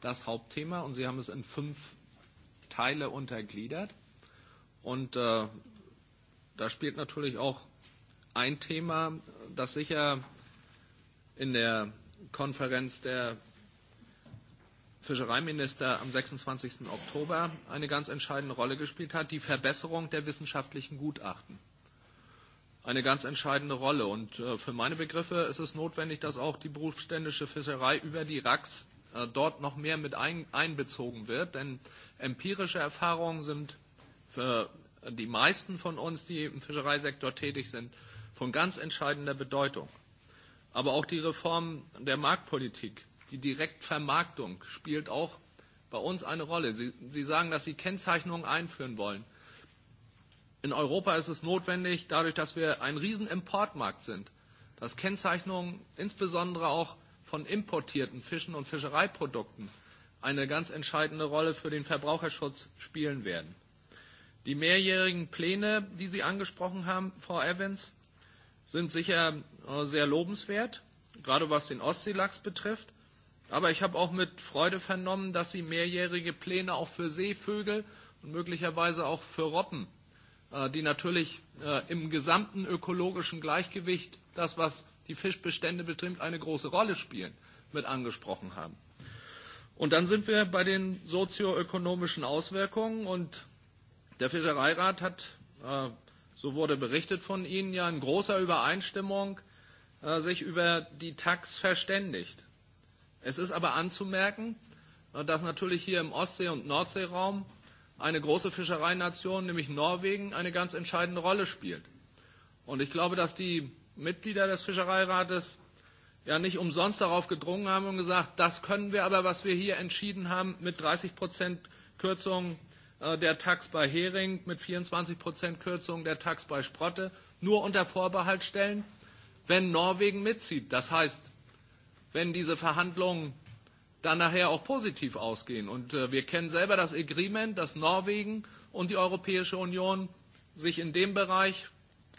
das Hauptthema und Sie haben es in fünf Teile untergliedert. Und äh, da spielt natürlich auch ein Thema, das sicher in der Konferenz der Fischereiminister am 26. Oktober eine ganz entscheidende Rolle gespielt hat, die Verbesserung der wissenschaftlichen Gutachten. Eine ganz entscheidende Rolle. Und äh, für meine Begriffe ist es notwendig, dass auch die berufsständische Fischerei über die RACs äh, dort noch mehr mit ein, einbezogen wird. Denn empirische Erfahrungen sind für die meisten von uns, die im Fischereisektor tätig sind, von ganz entscheidender Bedeutung. Aber auch die Reform der Marktpolitik, die Direktvermarktung spielt auch bei uns eine Rolle. Sie, Sie sagen, dass Sie Kennzeichnungen einführen wollen. In Europa ist es notwendig, dadurch, dass wir ein Riesenimportmarkt sind, dass Kennzeichnungen insbesondere auch von importierten Fischen und Fischereiprodukten eine ganz entscheidende Rolle für den Verbraucherschutz spielen werden. Die mehrjährigen Pläne, die Sie angesprochen haben, Frau Evans, sind sicher sehr lobenswert, gerade was den Ostseelachs betrifft. Aber ich habe auch mit Freude vernommen, dass Sie mehrjährige Pläne auch für Seevögel und möglicherweise auch für Robben, die natürlich im gesamten ökologischen Gleichgewicht das, was die Fischbestände betrifft, eine große Rolle spielen, mit angesprochen haben. Und dann sind wir bei den sozioökonomischen Auswirkungen und Der Fischereirat hat, so wurde berichtet von Ihnen, ja in großer Übereinstimmung sich über die Tax verständigt. Es ist aber anzumerken, dass natürlich hier im Ostsee- und Nordseeraum eine große Fischereination, nämlich Norwegen, eine ganz entscheidende Rolle spielt. Und ich glaube, dass die Mitglieder des Fischereirates ja nicht umsonst darauf gedrungen haben und gesagt, das können wir aber, was wir hier entschieden haben, mit 30 Prozent Kürzung der Tax bei Hering mit 24 Kürzung, der Tax bei Sprotte nur unter Vorbehalt stellen, wenn Norwegen mitzieht. Das heißt, wenn diese Verhandlungen dann nachher auch positiv ausgehen. Und wir kennen selber das Agreement, dass Norwegen und die Europäische Union sich in dem Bereich,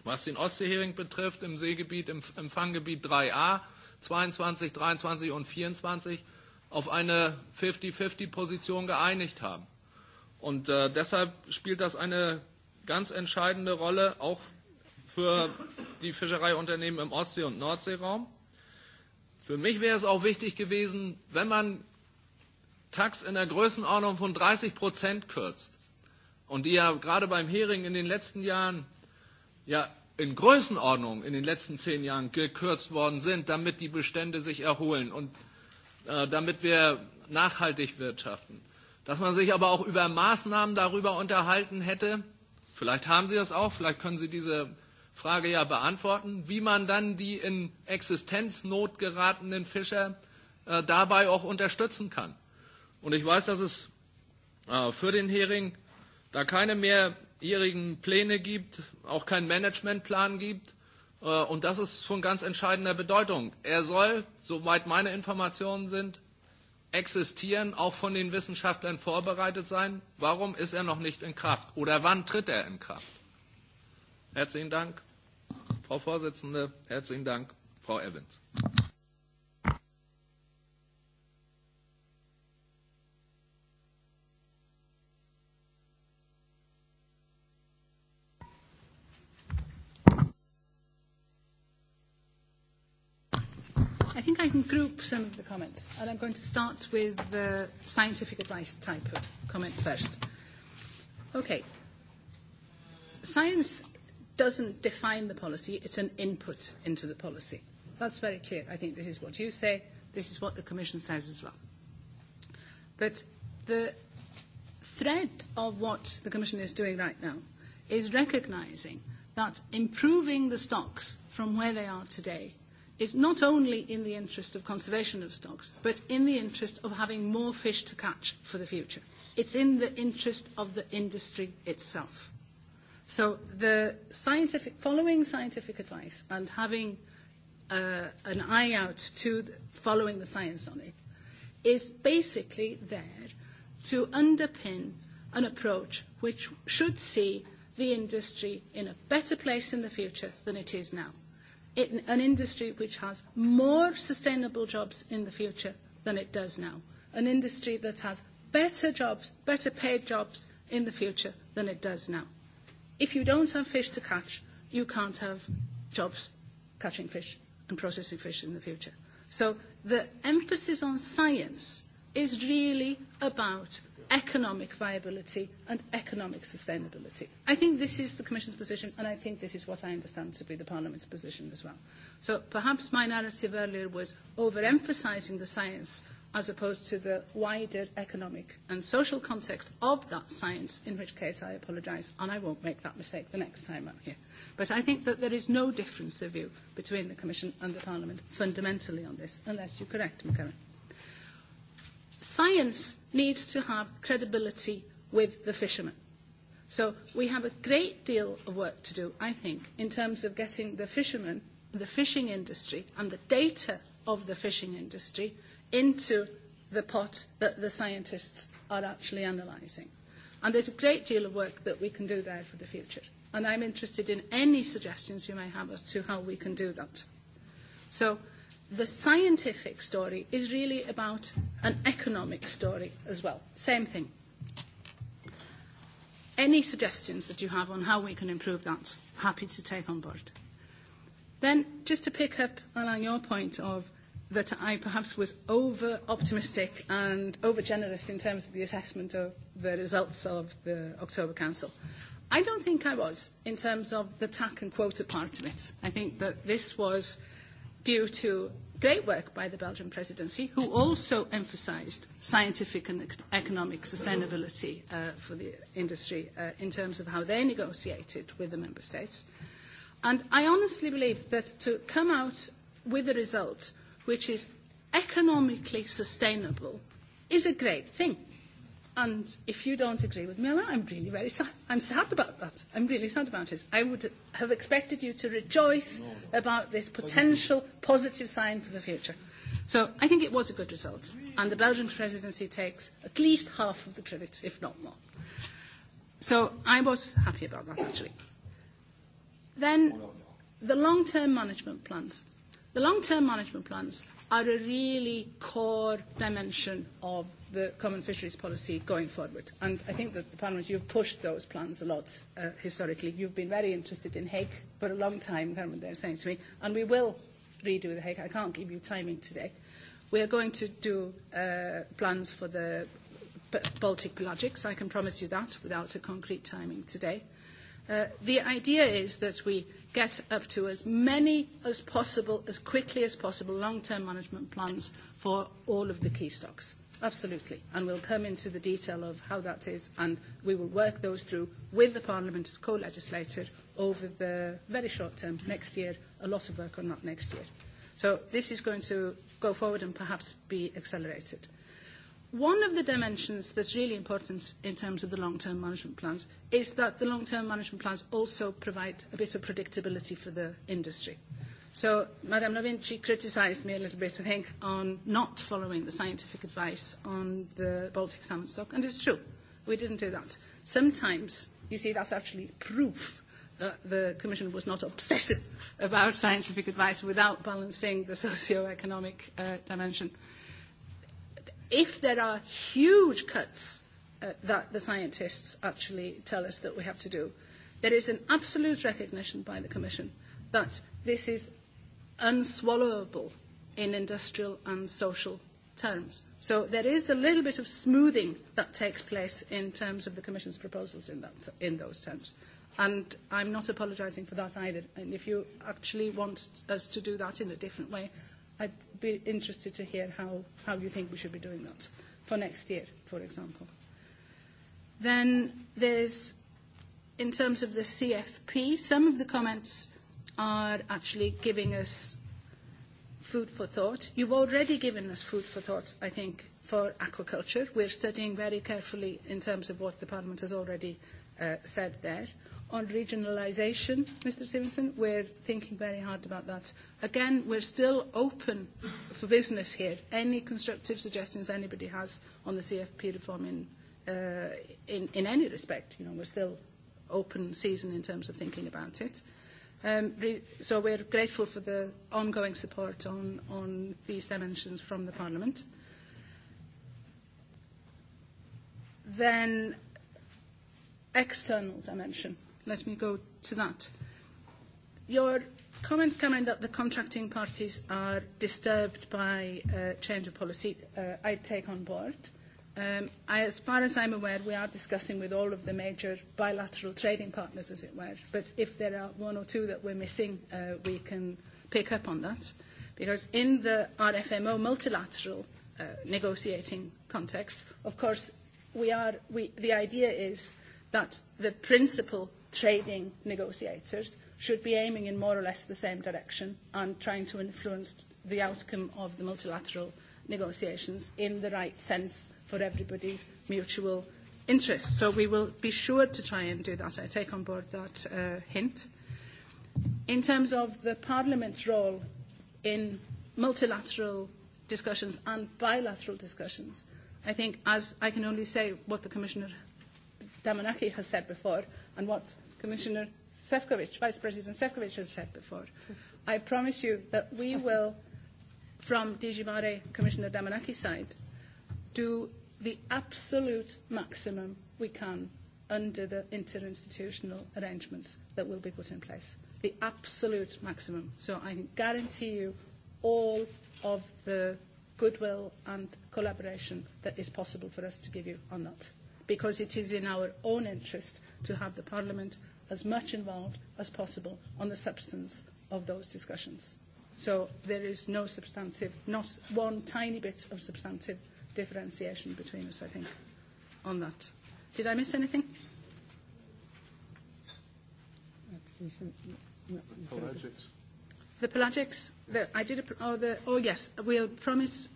was den Ostseehering betrifft, im Seegebiet, im, Fanggebiet 3a, 22, 23 und 24 auf eine 50-50-Position geeinigt haben. Und äh, deshalb spielt das eine ganz entscheidende Rolle, auch für die Fischereiunternehmen im Ostsee- und Nordseeraum. Für mich wäre es auch wichtig gewesen, wenn man Tax in der Größenordnung von 30 Prozent kürzt und die ja gerade beim Hering in den letzten Jahren ja in Größenordnung in den letzten zehn Jahren gekürzt worden sind, damit die Bestände sich erholen und äh, damit wir nachhaltig wirtschaften dass man sich aber auch über Maßnahmen darüber unterhalten hätte, vielleicht haben Sie das auch, vielleicht können Sie diese Frage ja beantworten, wie man dann die in Existenznot geratenen Fischer äh, dabei auch unterstützen kann. Und ich weiß, dass es äh, für den Hering da keine mehrjährigen Pläne gibt, auch keinen Managementplan gibt. Äh, und das ist von ganz entscheidender Bedeutung. Er soll, soweit meine Informationen sind, existieren, auch von den Wissenschaftlern vorbereitet sein? Warum ist er noch nicht in Kraft? Oder wann tritt er in Kraft? Herzlichen Dank, Frau Vorsitzende. Herzlichen Dank, Frau Evans. can group some of the comments, and I'm going to start with the scientific advice type of comment first. Okay. Science doesn't define the policy, it's an input into the policy. That's very clear. I think this is what you say, this is what the Commission says as well. But the thread of what the Commission is doing right now is recognising that improving the stocks from where they are today is not only in the interest of conservation of stocks, but in the interest of having more fish to catch for the future. It's in the interest of the industry itself. So the scientific, following scientific advice and having uh, an eye out to the, following the science on it is basically there to underpin an approach which should see the industry in a better place in the future than it is now in an industry which has more sustainable jobs in the future than it does now, an industry that has better jobs, better paid jobs in the future than it does now. If you don't have fish to catch, you can't have jobs catching fish and processing fish in the future. So the emphasis on science is really about economic viability and economic sustainability. I think this is the Commission's position, and I think this is what I understand to be the Parliament's position as well. So perhaps my narrative earlier was overemphasising the science as opposed to the wider economic and social context of that science, in which case I apologise, and I won't make that mistake the next time I'm here. But I think that there is no difference of view between the Commission and the Parliament fundamentally on this, unless you correct me, science needs to have credibility with the fishermen. So we have a great deal of work to do, I think, in terms of getting the fishermen, the fishing industry, and the data of the fishing industry into the pot that the scientists are actually analysing. And there's a great deal of work that we can do there for the future. And I'm interested in any suggestions you may have as to how we can do that. So the scientific story is really about an economic story as well. Same thing. Any suggestions that you have on how we can improve that, happy to take on board. Then, just to pick up on your point of that I perhaps was over optimistic and over generous in terms of the assessment of the results of the October Council. I don't think I was in terms of the TAC and quota part of it. I think that this was due to great work by the Belgian presidency, who also emphasised scientific and economic sustainability for the industry in terms of how they negotiated with the member states. And I honestly believe that to come out with a result which is economically sustainable is a great thing. And if you don't agree with me, I'm really very sad. I'm sad about that. I'm really sad about it. I would have expected you to rejoice about this potential positive sign for the future. So I think it was a good result. And the Belgian presidency takes at least half of the credit, if not more. So I was happy about that, actually. Then the long-term management plans. The long-term management plans are a really core dimension of the common fisheries policy going forward. And I think that the Parliament, you've pushed those plans a lot uh, historically. You've been very interested in Hague for a long time, Parliament, they're saying to me, and we will redo the Hague. I can't give you timing today. We are going to do uh, plans for the Baltic pelagics, I can promise you that, without a concrete timing today the idea is that we get up to as many as possible, as quickly as possible, long-term management plans for all of the key stocks. Absolutely. And we'll come into the detail of how that is, and we will work those through with the Parliament as co-legislator over the very short term, next year, a lot of work on that next year. So this is going to go forward and perhaps be accelerated. One of the dimensions that's really important in terms of the long-term management plans is that the long-term management plans also provide a bit of predictability for the industry. So Madame Novinci criticised me a little bit, I think, on not following the scientific advice on the Baltic salmon stock, and it's true. We didn't do that. Sometimes, you see, that's actually proof that the Commission was not obsessive about scientific advice without balancing the socio-economic uh, dimension if there are huge cuts uh, that the scientists actually tell us that we have to do, there is an absolute recognition by the Commission that this is unswallowable in industrial and social terms. So there is a little bit of smoothing that takes place in terms of the Commission's proposals in, that, in those terms. And I'm not apologising for that either. And if you actually want us to do that in a different way, be interested to hear how, how you think we should be doing that for next year, for example. Then there's, in terms of the CFP, some of the comments are actually giving us food for thought. You've already given us food for thought, I think, for aquaculture. We're studying very carefully in terms of what the Parliament has already uh, said there on regionalisation, Mr. Stevenson, we're thinking very hard about that. Again, we're still open for business here. Any constructive suggestions anybody has on the CFP reform in, uh, in, in any respect, you know, we're still open season in terms of thinking about it. Um, re- so we're grateful for the ongoing support on, on these dimensions from the Parliament. Then external dimension. Let me go to that. Your comment, Cameron, that the contracting parties are disturbed by uh, change of policy, uh, I take on board. Um, I, as far as I'm aware, we are discussing with all of the major bilateral trading partners, as it were. But if there are one or two that we're missing, uh, we can pick up on that. Because in the RFMO multilateral uh, negotiating context, of course, we are, we, the idea is that the principle trading negotiators should be aiming in more or less the same direction and trying to influence the outcome of the multilateral negotiations in the right sense for everybody's mutual interest. So we will be sure to try and do that. I take on board that uh, hint. In terms of the Parliament's role in multilateral discussions and bilateral discussions, I think, as I can only say what the Commissioner Damanaki has said before, and what Commissioner Sefcovic, Vice President Sefcovic has said before. I promise you that we will, from DG Mare Commissioner Damanaki's side, do the absolute maximum we can under the interinstitutional arrangements that will be put in place. The absolute maximum. So I can guarantee you all of the goodwill and collaboration that is possible for us to give you on that because it is in our own interest to have the Parliament as much involved as possible on the substance of those discussions. So there is no substantive, not one tiny bit of substantive differentiation between us, I think, on that. Did I miss anything? Pelagics. The pelagics. The, I did. A, oh, the, oh yes. We'll promise.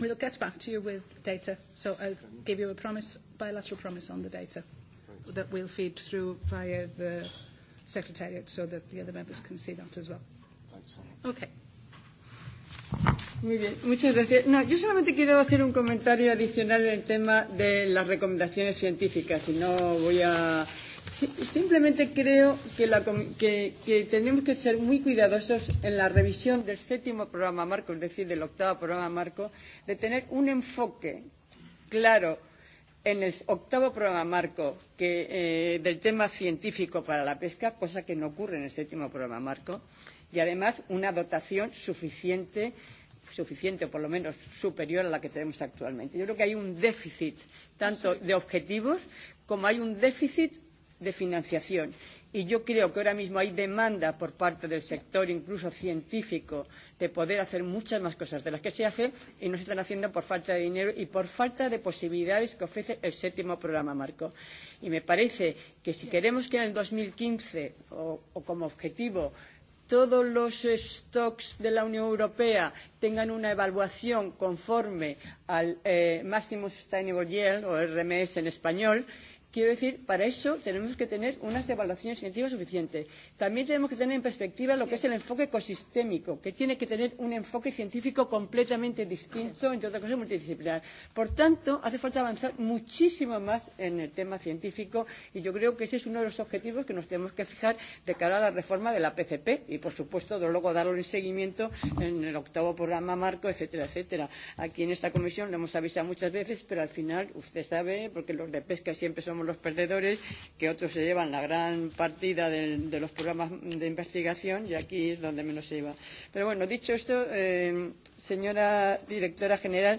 We'll get back to you with data. So I'll give you a promise bilateral promise on the data Thanks. that we'll feed through via the Secretariat so that the other members can see that as well. Thanks. Okay. Muy bien, muchas gracias. No, yo solamente quiero hacer un comentario adicional en el tema de las recomendaciones científicas, y no voy a Simplemente creo que, la, que, que tenemos que ser muy cuidadosos en la revisión del séptimo programa marco, es decir, del octavo programa marco, de tener un enfoque claro en el octavo programa marco que, eh, del tema científico para la pesca, cosa que no ocurre en el séptimo programa marco, y además una dotación suficiente suficiente, o por lo menos superior a la que tenemos actualmente. Yo creo que hay un déficit tanto de objetivos como hay un déficit de financiación. Y yo creo que ahora mismo hay demanda por parte del sector, incluso científico, de poder hacer muchas más cosas de las que se hacen y no se están haciendo por falta de dinero y por falta de posibilidades que ofrece el séptimo programa marco. Y me parece que si queremos que en el 2015, o, o como objetivo, todos los stocks de la Unión Europea tengan una evaluación conforme al eh, Maximum Sustainable Yield, o RMS en español, Quiero decir, para eso tenemos que tener unas evaluaciones científicas suficientes. También tenemos que tener en perspectiva lo que es el enfoque ecosistémico, que tiene que tener un enfoque científico completamente distinto, entre otras cosas multidisciplinar. Por tanto, hace falta avanzar muchísimo más en el tema científico y yo creo que ese es uno de los objetivos que nos tenemos que fijar de cara a la reforma de la PCP y, por supuesto, de luego darle seguimiento en el octavo programa marco, etcétera, etcétera. Aquí en esta comisión lo hemos avisado muchas veces, pero al final usted sabe, porque los de pesca siempre somos somos los perdedores, que otros se llevan la gran partida de, de los programas de investigación y aquí es donde menos se lleva. Pero bueno, dicho esto, eh, señora directora general,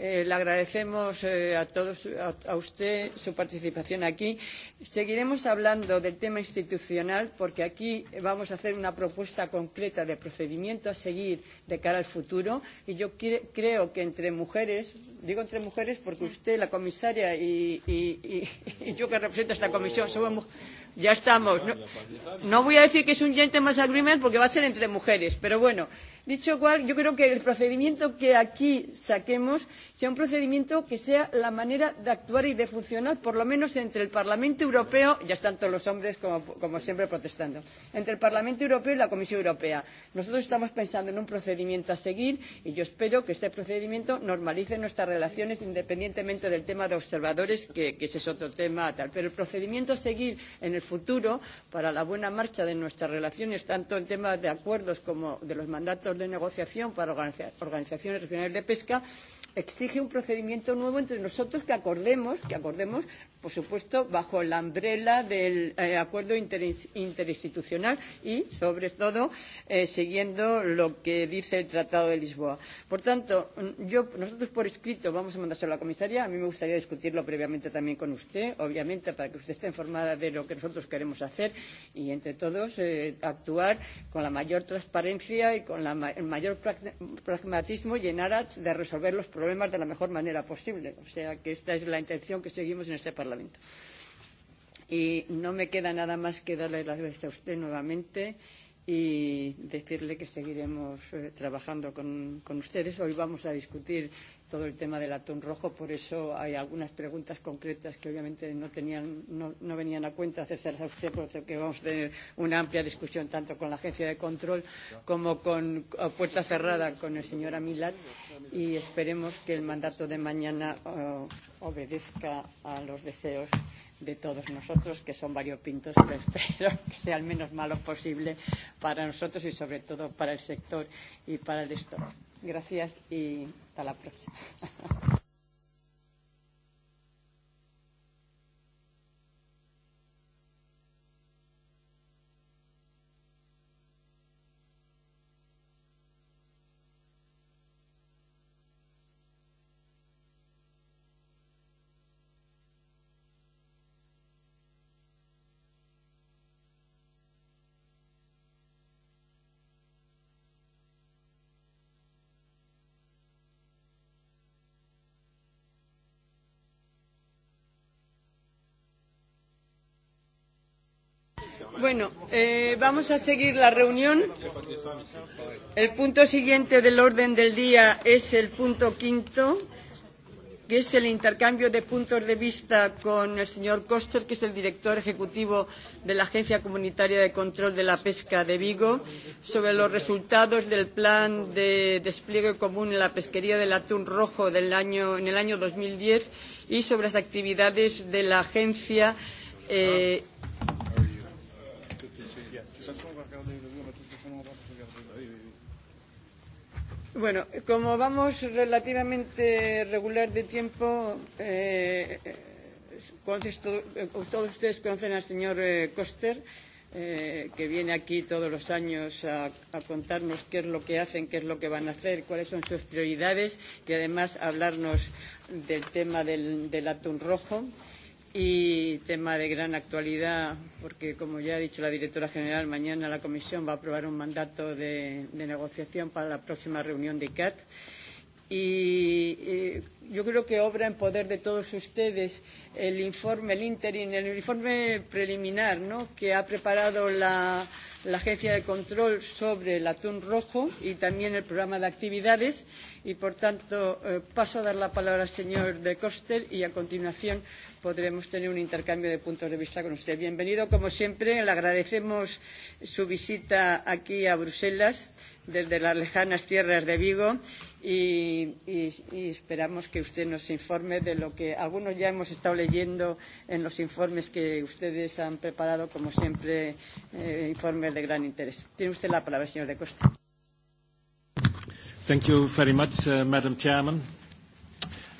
le agradecemos a todos, a, usted, su participación aquí. Seguiremos hablando del tema institucional porque aquí vamos a hacer una propuesta concreta de procedimiento a seguir de cara al futuro y yo creo que entre mujeres, digo entre mujeres porque usted, la comisaria y, y, y, y yo que represento a esta comisión somos ya estamos. No, no voy a decir que es un gentleman's agreement porque va a ser entre mujeres, pero bueno, Dicho cual, yo creo que el procedimiento que aquí saquemos sea un procedimiento que sea la manera de actuar y de funcionar, por lo menos entre el Parlamento Europeo, ya están todos los hombres como, como siempre protestando, entre el Parlamento Europeo y la Comisión Europea. Nosotros estamos pensando en un procedimiento a seguir y yo espero que este procedimiento normalice nuestras relaciones independientemente del tema de observadores, que, que ese es otro tema tal. Pero el procedimiento a seguir en el futuro para la buena marcha de nuestras relaciones, tanto en temas de acuerdos como de los mandatos de negociación para organizaciones regionales de pesca exige un procedimiento nuevo entre nosotros que acordemos, que acordemos, por supuesto, bajo la umbrella del eh, acuerdo interinstitucional y, sobre todo, eh, siguiendo lo que dice el Tratado de Lisboa. Por tanto, yo, nosotros por escrito vamos a mandárselo a la comisaría. A mí me gustaría discutirlo previamente también con usted, obviamente, para que usted esté informada de lo que nosotros queremos hacer y, entre todos, eh, actuar con la mayor transparencia y con la, el mayor pragmatismo y en aras de resolver los problemas problemas de la mejor manera posible. O sea que esta es la intención que seguimos en este Parlamento. Y no me queda nada más que darle las gracias a usted nuevamente y decirle que seguiremos eh, trabajando con, con ustedes. Hoy vamos a discutir todo el tema del atún rojo. Por eso hay algunas preguntas concretas que obviamente no, tenían, no, no venían a cuenta hacerlas a usted, por eso vamos a tener una amplia discusión tanto con la agencia de control como con a puerta cerrada con el señor Amilat y esperemos que el mandato de mañana uh, obedezca a los deseos de todos nosotros, que son variopintos, pero espero que sea el menos malo posible para nosotros y sobre todo para el sector y para el estado. Gracias y hasta la próxima. Bueno, eh, vamos a seguir la reunión. El punto siguiente del orden del día es el punto quinto, que es el intercambio de puntos de vista con el señor Koster, que es el director ejecutivo de la Agencia Comunitaria de Control de la Pesca de Vigo, sobre los resultados del plan de despliegue común en la pesquería del atún rojo del año, en el año 2010 y sobre las actividades de la agencia. Eh, Bueno, como vamos relativamente regular de tiempo, eh, todos ustedes conocen al señor eh, Coster, eh, que viene aquí todos los años a, a contarnos qué es lo que hacen, qué es lo que van a hacer, cuáles son sus prioridades y además hablarnos del tema del, del atún rojo. Eh, y tema de gran actualidad, porque como ya ha dicho la directora general, mañana la Comisión va a aprobar un mandato de, de negociación para la próxima reunión de ICAT. Y yo creo que obra en poder de todos ustedes el informe, el interim, el informe preliminar ¿no? que ha preparado la, la Agencia de Control sobre el atún rojo y también el programa de actividades. Y, por tanto, eh, paso a dar la palabra al señor de Coster y, a continuación, podremos tener un intercambio de puntos de vista con usted. Bienvenido, como siempre. Le agradecemos su visita aquí a Bruselas desde las lejanas tierras de Vigo y, y, y esperamos que usted nos informe de lo que algunos ya hemos estado leyendo en los informes que ustedes han preparado, como siempre, eh, informes de gran interés. Tiene usted la palabra, señor de Costa. Thank you very much, uh, Madam Chairman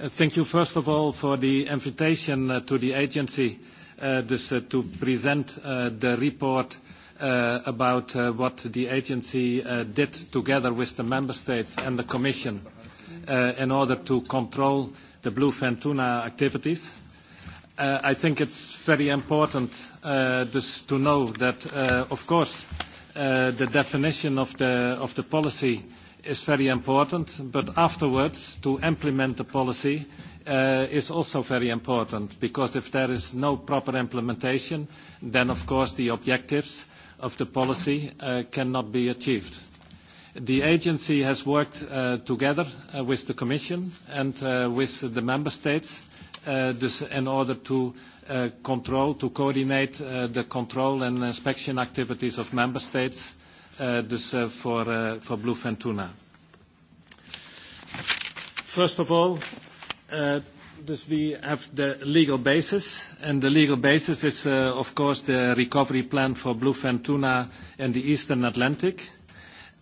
Thank you, first of all, for the invitation to the agency to present the report about what the agency did together with the member states and the commission in order to control the bluefin tuna activities. I think it's very important to know that, of course, the definition of the policy is very important, but afterwards, to implement the policy is also very important, because if there is no proper implementation, then of course the objectives of the policy cannot be achieved. The agency has worked together with the Commission and with the member states this in order to control, to coordinate the control and inspection activities of member states, this for bluefin tuna. First of all, this we have the legal basis, and the legal basis is, of course, the recovery plan for bluefin tuna in the Eastern Atlantic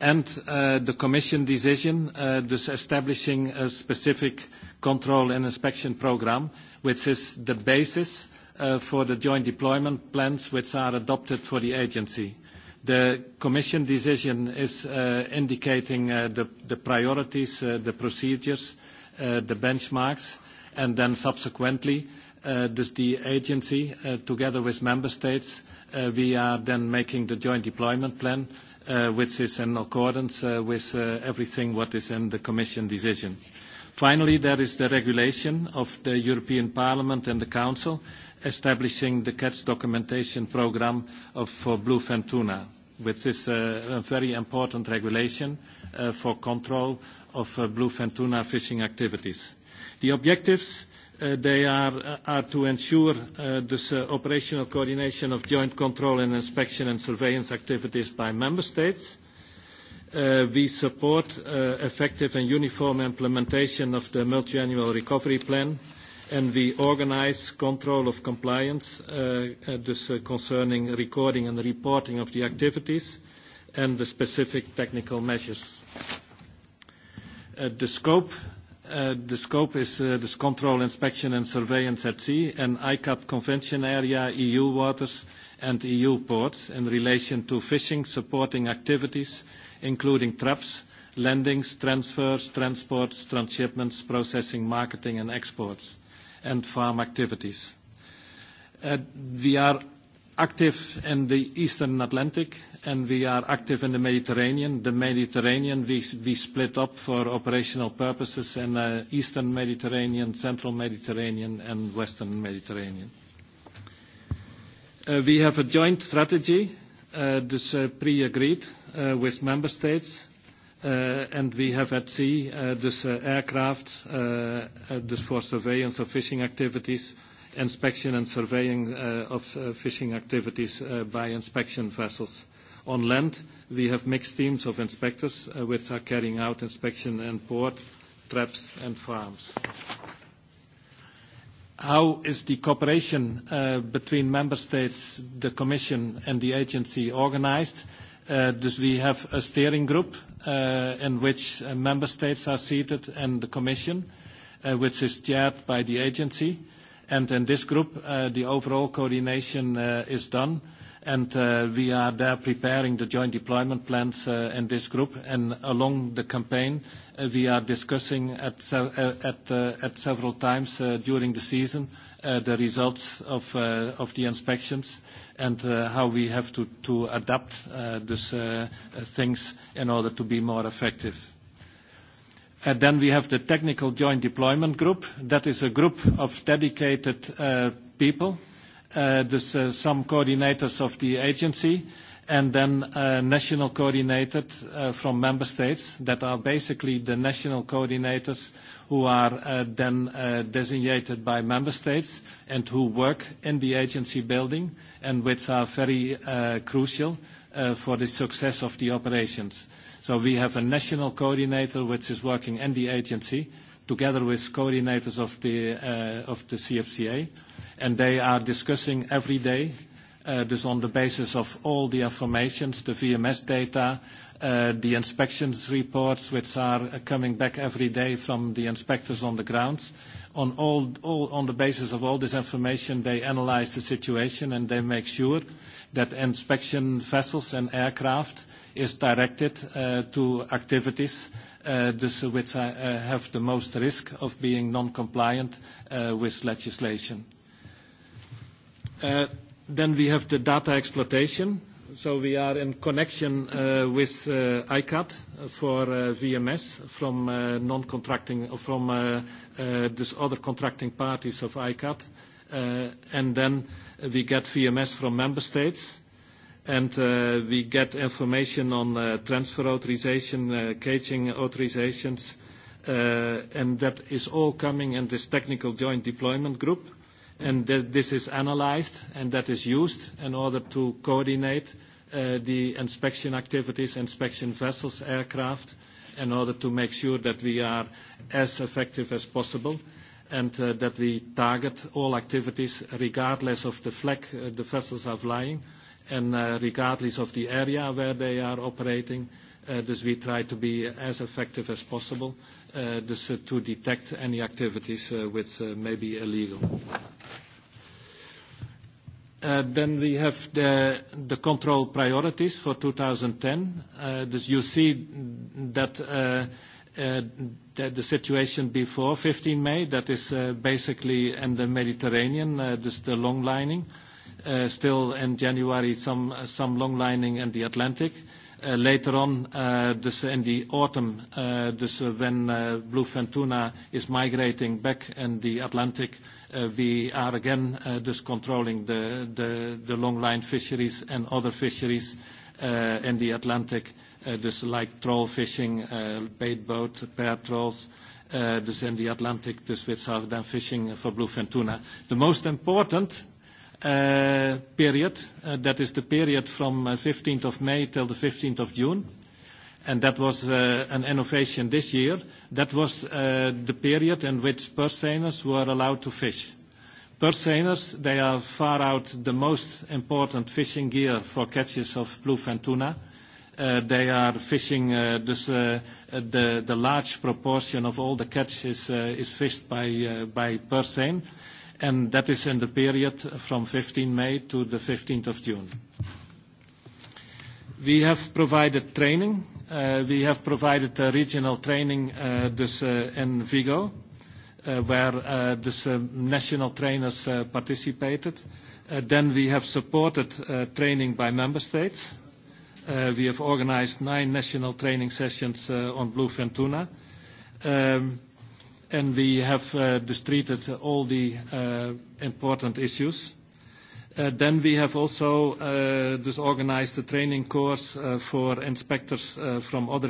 and the Commission decision, thus establishing a specific control and inspection program, which is the basis for the joint deployment plans which are adopted for the agency. The Commission decision is indicating the priorities, the procedures, the benchmarks, and then subsequently, does the agency, together with member states, we are then making the joint deployment plan, which is in accordance with everything what is in the Commission decision. Finally, there is the regulation of the European Parliament and the Council establishing the catch documentation programme for bluefin tuna, which is a very important regulation for control of bluefin tuna fishing activities. The objectives They are to ensure this operational coordination of joint control and inspection and surveillance activities by member states. We support effective and uniform implementation of the multi-annual recovery plan, and we organise control of compliance, this concerning recording and reporting of the activities and the specific technical measures. The scope The scope is this control, inspection, and surveillance at sea and ICAP Convention Area, EU waters, and EU ports in relation to fishing supporting activities, including traps, landings, transfers, transports, transshipments, processing, marketing, and exports, and farm activities. We are active in the Eastern Atlantic, and we are active in the Mediterranean. The Mediterranean, we split up for operational purposes in Eastern Mediterranean, Central Mediterranean, and Western Mediterranean. We have a joint strategy, this pre-agreed with member states, and we have at sea this aircraft this for surveillance of fishing activities, inspection and surveying of fishing activities by inspection vessels. On land, we have mixed teams of inspectors which are carrying out inspection in port, traps, and farms. How is the cooperation between member states, the commission, and the agency organized? Dus we have a steering group in which member states are seated and the commission, which is chaired by the agency in this group, the overall coordination is done, and we are there preparing the joint deployment plans in this group. And along the campaign, we are discussing at several times during the season the results of the inspections and how we have to adapt these things in order to be more effective. Then we have the Technical Joint Deployment Group. That is a group of dedicated people. There's some coordinators of the agency, and then national coordinators from member states that are basically the national coordinators who are then designated by member states and who work in the agency building and which are very crucial for the success of the operations. So we have a national coordinator which is working in the agency together with coordinators of the, uh, of the CFCA. And they are discussing every day, just this on the basis of all the informations, the VMS data, uh, the inspections reports which are coming back every day from the inspectors on the grounds. On, all, all, on the basis of all this information, they analyze the situation and they make sure that inspection vessels and aircraft is directed to activities which have the most risk of being non-compliant with legislation. Then we have the data exploitation. So we are in connection with ICAT for VMS from non-contracting or from these other contracting parties of ICAT. And then We get VMS from member states, and we get information on transfer authorization, caging authorizations, and that is all coming in this technical joint deployment group. and This is analyzed, and that is used in order to coordinate the inspection activities, inspection vessels, aircraft, in order to make sure that we are as effective as possible and that we target all activities regardless of the flag the vessels are flying and regardless of the area where they are operating. Thus, we try to be as effective as possible, thus to detect any activities which may be illegal. Then we have the control priorities for 2010. Thus, you see that the, situation before 15 May, that is basically in the Mediterranean, just the long lining. still in January, some, some long lining in the Atlantic. later on, in the autumn, this, when bluefin tuna is migrating back in the Atlantic, we are again just controlling the, long line fisheries and other fisheries in the Atlantic dus like troll fishing, uh baitboat, pair trolls, uh, dus in the Atlantic, dus without then fishing for bluefin tuna. The most important uh period, that is the period from 15th of May till the 15th of June, and that was uh an innovation this year. That was uh the period in which purseaners were allowed to fish. Purseaners, they are far out the most important fishing gear for catches of bluefin tuna, they are fishing, the the large proportion of all the catch is is fished by by and that is in the period from 15 May to the 15th of June. We have provided training. We have provided regional training, dus in Vigo, where the national trainers participated. Then we have supported training by member states We have organized nine national training sessions on bluefin tuna. And we have distributed all the important issues. Then we have also just organized a training course for inspectors from other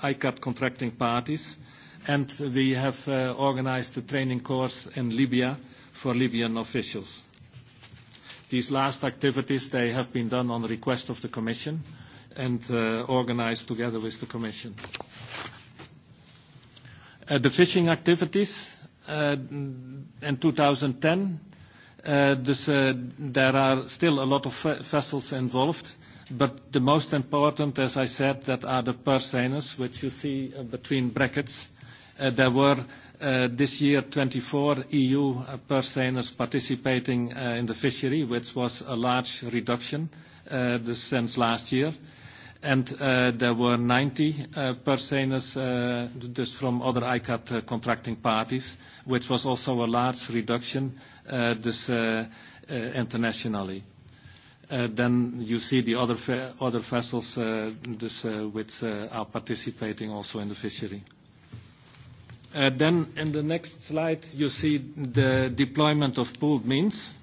ICAP contracting parties, and we have organized a training course in Libya for Libyan officials. These last activities, they have been done on the request of the Commission, and organized together with the Commission. The fishing activities in 2010, there are still a lot of vessels involved, but the most important, as I said, that are the Persenas, which you see between brackets. There were this year 24 EU Persenas participating in the fishery, which was a large reduction since last year and there were 90 personas, just from other ICAT contracting parties, which was also a large reduction, uh internationally. Then you see the other vessels, uh which are participating also in the fishery. Then in the next slide, you see the deployment of pooled means.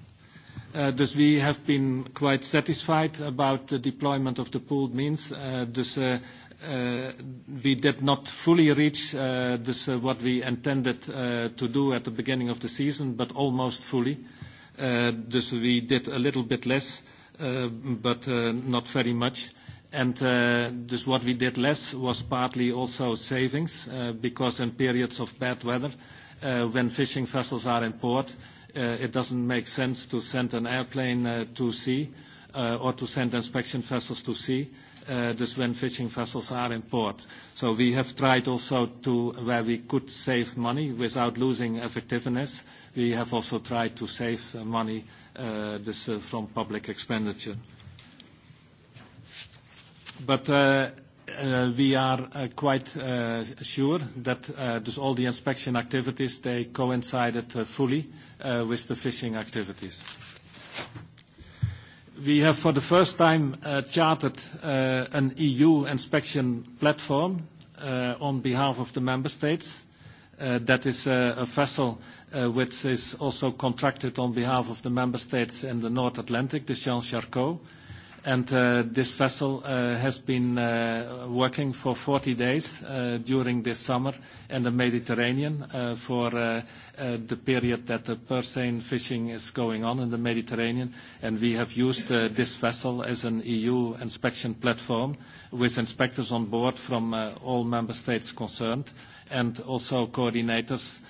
Thus we have been quite satisfied about the deployment of the pooled means. Thus, we did not fully reach this what we intended to do at the beginning of the season, but almost fully. Thus, we did a little bit less, but not very much. Thus, what we did less was partly also savings, because in periods of bad weather, when fishing vessels are in port, it doesn't make sense to send an airplane to sea or to send inspection vessels to sea, just when fishing vessels are in port. So we have tried also to, where we could save money without losing effectiveness, we have also tried to save money just from public expenditure. But we are quite sure that just all the inspection activities, they coincided fully with the fishing activities. We have, for the first time, chartered an EU inspection platform on behalf of the member states. That is a vessel which is also contracted on behalf of the member states in the North Atlantic, the Jean Charcot, and This vessel has been working for 40 days during this summer in the Mediterranean for the period that the purseine fishing is going on in the Mediterranean. and We have used this vessel as an EU inspection platform with inspectors on board from all member states concerned and also coordinators,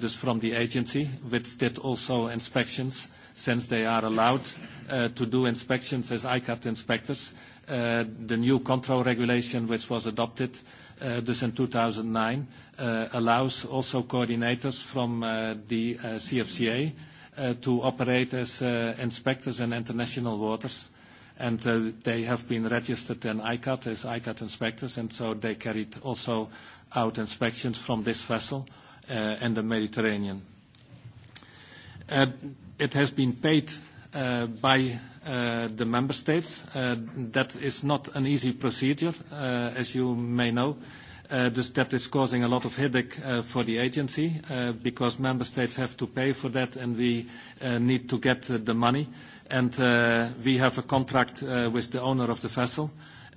just from the agency, which did also inspections since they are allowed to do inspections as ICAT inspectors. The new control regulation, which was adopted this in 2009, allows also coordinators from the CFCA to operate as inspectors in international waters. and They have been registered in ICAT as ICAT inspectors, and so they carried also out inspections from this vessel and the Mediterranean. It has been paid by the member states. That is not an easy procedure, as you may know. That is causing a lot of headache for the agency because member states have to pay for that, and we need to get the money. And We have a contract with the owner of the vessel,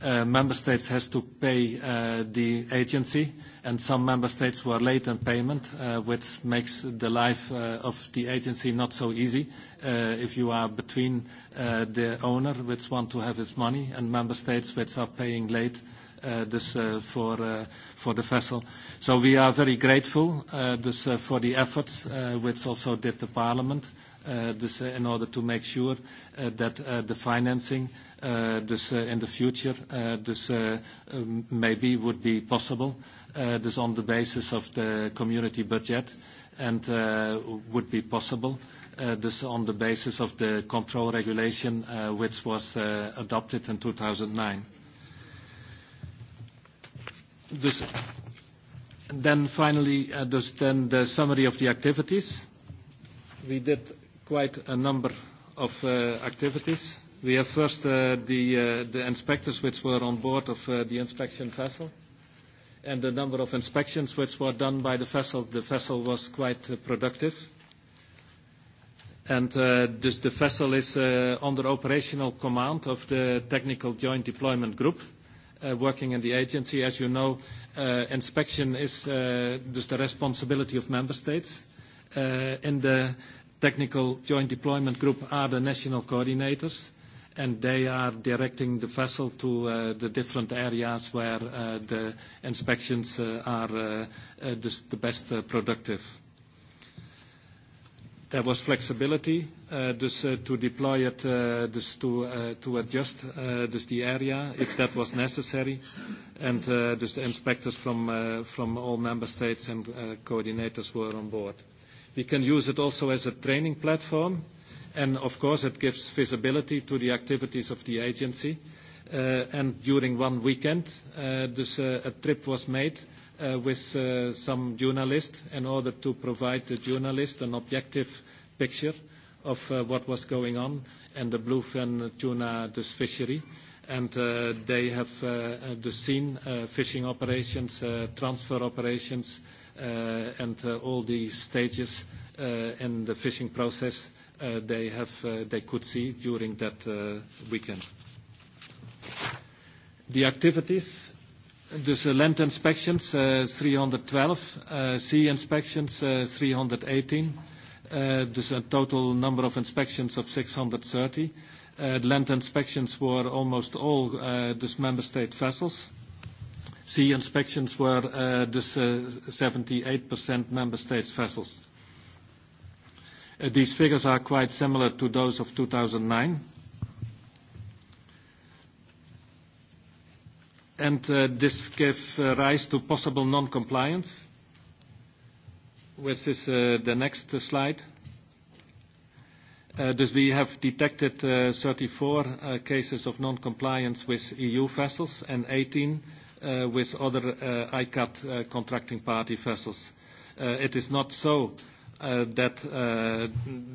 member states has to pay the agency, and some member states were late in payment, which makes the life of the agency not so easy if you are between the owner, which want to have his money, and member states which are paying late this for the vessel. So we are very grateful for the efforts which also did the parliament in order to make sure that the financing this in the future, This maybe would be possible, this on the basis of the community budget and would be possible, this on the basis of the control regulation, which was adopted in 2009. Dus Then Finally, the summary of the activities. We did quite a number of activities. We have first the inspectors which were on board of the inspection vessel, and the number of inspections which were done by the vessel. The vessel was quite productive. and This the vessel is under operational command of the Technical Joint Deployment Group, working in the agency. As you know, inspection is just the responsibility of member states. In the Technical Joint Deployment Group are the national coordinators, and they are directing the vessel to the different areas where the inspections are the best productive. There was flexibility, just to deploy it, just to adjust just the area if that was necessary. and The inspectors from all member states and coordinators were on board. We can use it also as a training platform and of course it gives visibility to the activities of the agency. and during one weekend, this, a trip was made with some journalists in order to provide the journalists an objective picture of what was going on in the bluefin tuna this fishery. and They have the scene fishing operations, transfer operations, and all the stages in the fishing process they have they could see during that weekend. The activities, dus land inspections 312, sea inspections 318, There's a total number of inspections of 630. Land inspections were almost all dus member state vessels. Sea inspections were dus 78% member states vessels. These figures are quite similar to those of 2009. and This gave rise to possible non-compliance, which is the next slide. Thus we have detected 34 cases of non-compliance with EU vessels and 18 with other ICAT contracting party vessels. It is not so that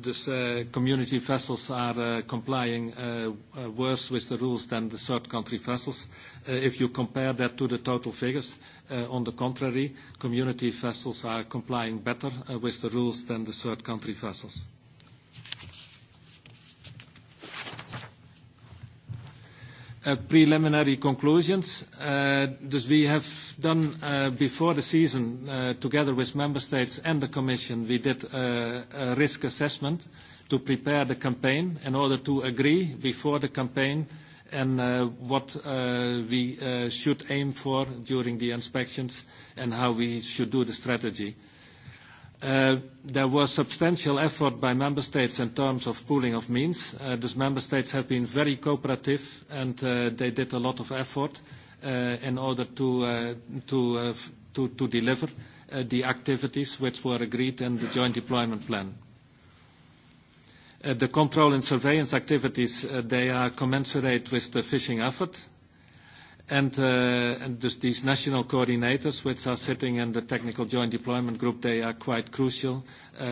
the community vessels are complying worse with the rules than the third country vessels. If you compare that to the total figures, on the contrary, community vessels are complying better with the rules than the third country vessels. preliminary conclusions. Thus we have done, before the season, together with member states and the commission, we did a risk assessment to prepare the campaign in order to agree before the campaign and what we should aim for during the inspections and how we should do the strategy. There was substantial effort by member states in terms of pooling of means. Those member states have been very cooperative, and they did a lot of effort in order to deliver the activities which were agreed in the joint deployment plan. The control and surveillance activities, they are commensurate with the fishing effort, And Just these national coordinators, which are sitting in the Technical Joint Deployment Group, they are quite crucial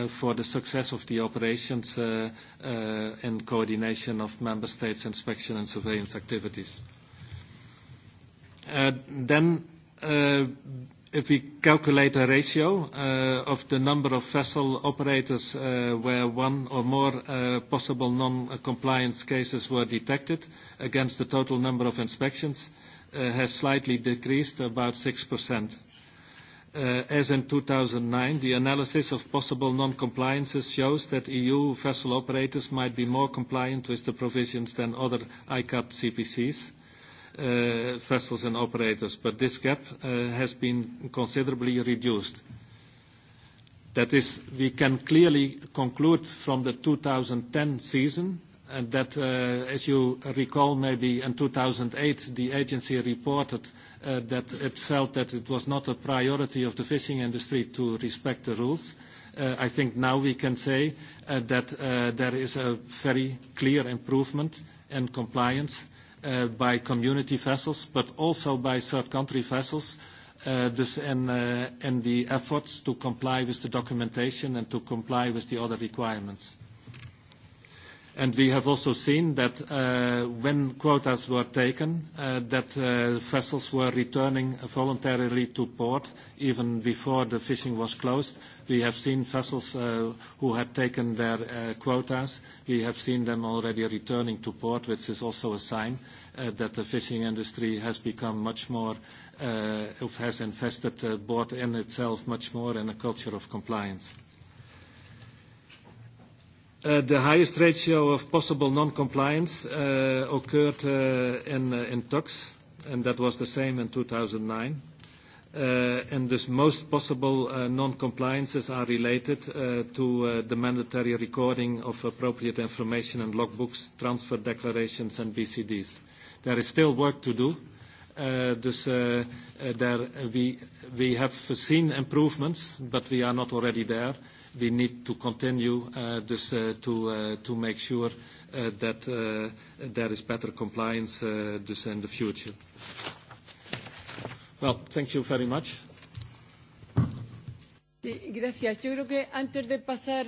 for the success of the operations in coordination of member states' inspection and surveillance activities. Then, if we calculate a ratio of the number of vessel operators where one or more possible non-compliance cases were detected against the total number of inspections, has slightly decreased, about 6%. As in 2009, the analysis of possible non-compliances shows that EU vessel operators might be more compliant with the provisions than other ICAT CPCs, vessels and operators, but this gap has been considerably reduced. That is, we can clearly conclude from the 2010 season that, as you recall, maybe in 2008, the agency reported that it felt that it was not a priority of the fishing industry to respect the rules. I think now we can say that there is a very clear improvement in compliance by community vessels, but also by third-country vessels, dus in the efforts to comply with the documentation and to comply with the other requirements. And we have also seen that when quotas were taken, that vessels were returning voluntarily to port even before the fishing was closed. We have seen vessels who had taken their quotas. We have seen them already returning to port, which is also a sign that the fishing industry has become much more, has invested both in itself much more in a culture of compliance. The highest ratio of possible non-compliance occurred in Tux, and that was the same in 2009. And This most possible non-compliances are related to the mandatory recording of appropriate information in logbooks, transfer declarations, and BCDs. There is still work to do. There we have seen improvements, but we are not already there we need to continue this to make sure that there is better compliance this in the future. Well, thank you very much. Gracias. Yo creo que antes de pasar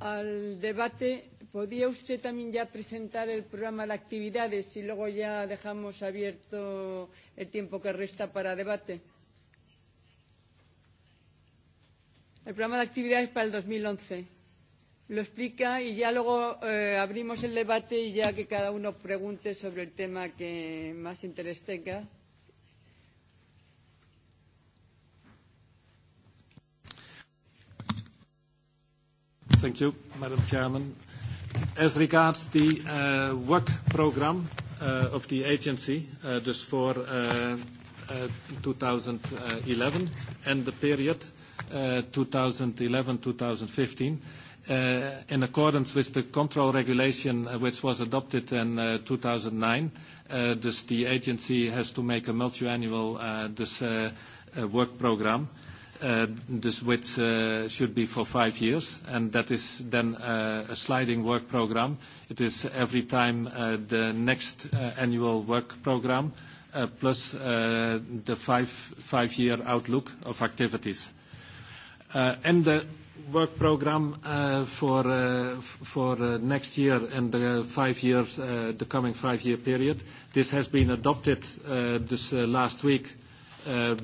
al debate, ¿podría usted también ya presentar el programa de actividades y luego ya dejamos abierto el tiempo que resta para debate? el programa de actividades para el 2011. Lo explica y ya luego eh, abrimos el debate y ya que cada uno pregunte sobre el tema que más interés tenga. Thank you, Madam Chairman. As regards the uh, work program uh, of the agency, uh, just for uh, uh, 2011 and the period 2011-2015, in accordance with the control regulation which was adopted in 2009. Thus, the agency has to make a multi-annual work program, this which should be for five years, and that is then a sliding work program. It is every time the next annual work program plus the five-year outlook of activities. And the work program for next year and the five years, the coming five-year period, this has been adopted this last week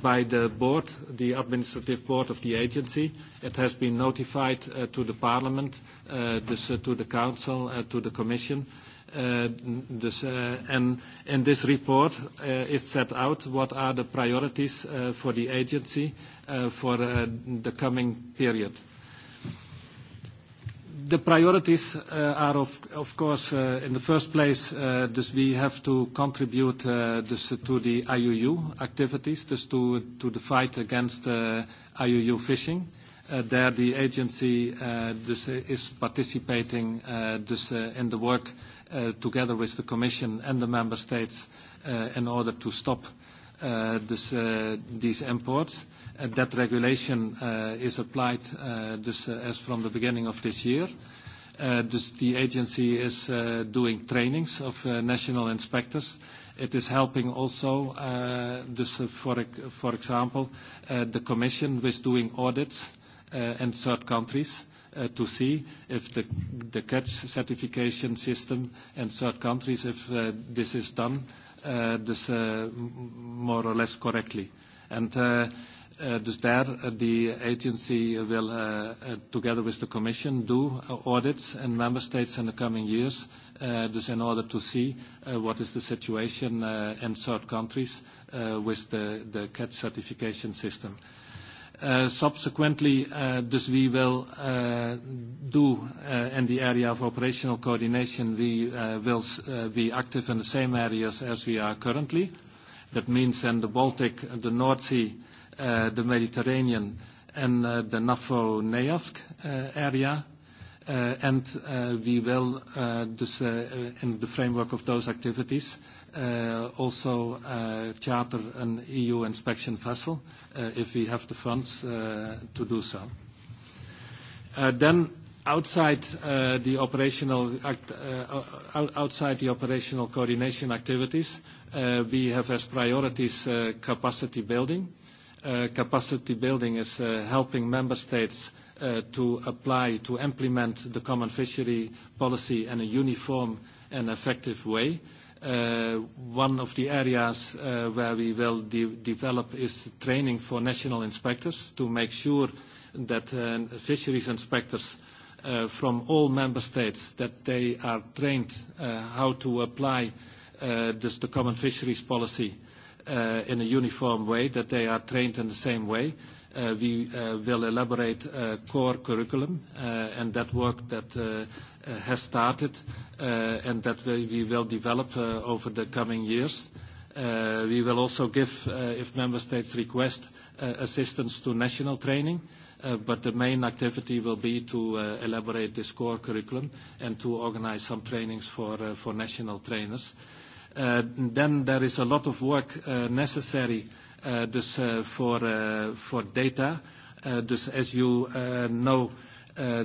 by the board, the administrative board of the agency. It has been notified to the parliament, to the council, to the commission, In this report is set out what are the priorities for the agency for the coming period. The priorities are of course, in the first place, this we have to contribute this to the IUU activities, this to the fight against IUU fishing. There the agency this is participating this in the work together with the Commission and the Member States in order to stop these imports. That regulation is applied as from the beginning of this year. The agency is doing trainings of national inspectors. It is helping also, for example, the Commission with doing audits in third countries to see if the, the catch certification system in third countries, if this is done this more or less correctly. And there, the agency will, together with the Commission, do audits in member states in the coming years, just in order to see what is the situation in third countries with the catch certification system. Subsequently, this we will do in the area of operational coordination, we will be active in the same areas as we are currently. That means in the Baltic, the North Sea, the Mediterranean, and the NAFO-NEAFC area. And we will, in the framework of those activities, also charter an EU inspection vessel if we have the funds to do so. Then outside the operational coordination activities, we have as priorities capacity building. Capacity building is helping member states to apply, to implement the common fishery policy in a uniform and effective way One of the areas where we will develop is training for national inspectors to make sure that fisheries inspectors from all member states, that they are trained how to apply this, the common fisheries policy in a uniform way, that they are trained in the same way we will elaborate a core curriculum, and that work that has started, and that we will develop over the coming years. We will also give, if member states request, assistance to national training, but the main activity will be to elaborate this core curriculum and to organize some trainings for national trainers. Then there is a lot of work necessary dus voor, voor data. dus as you know,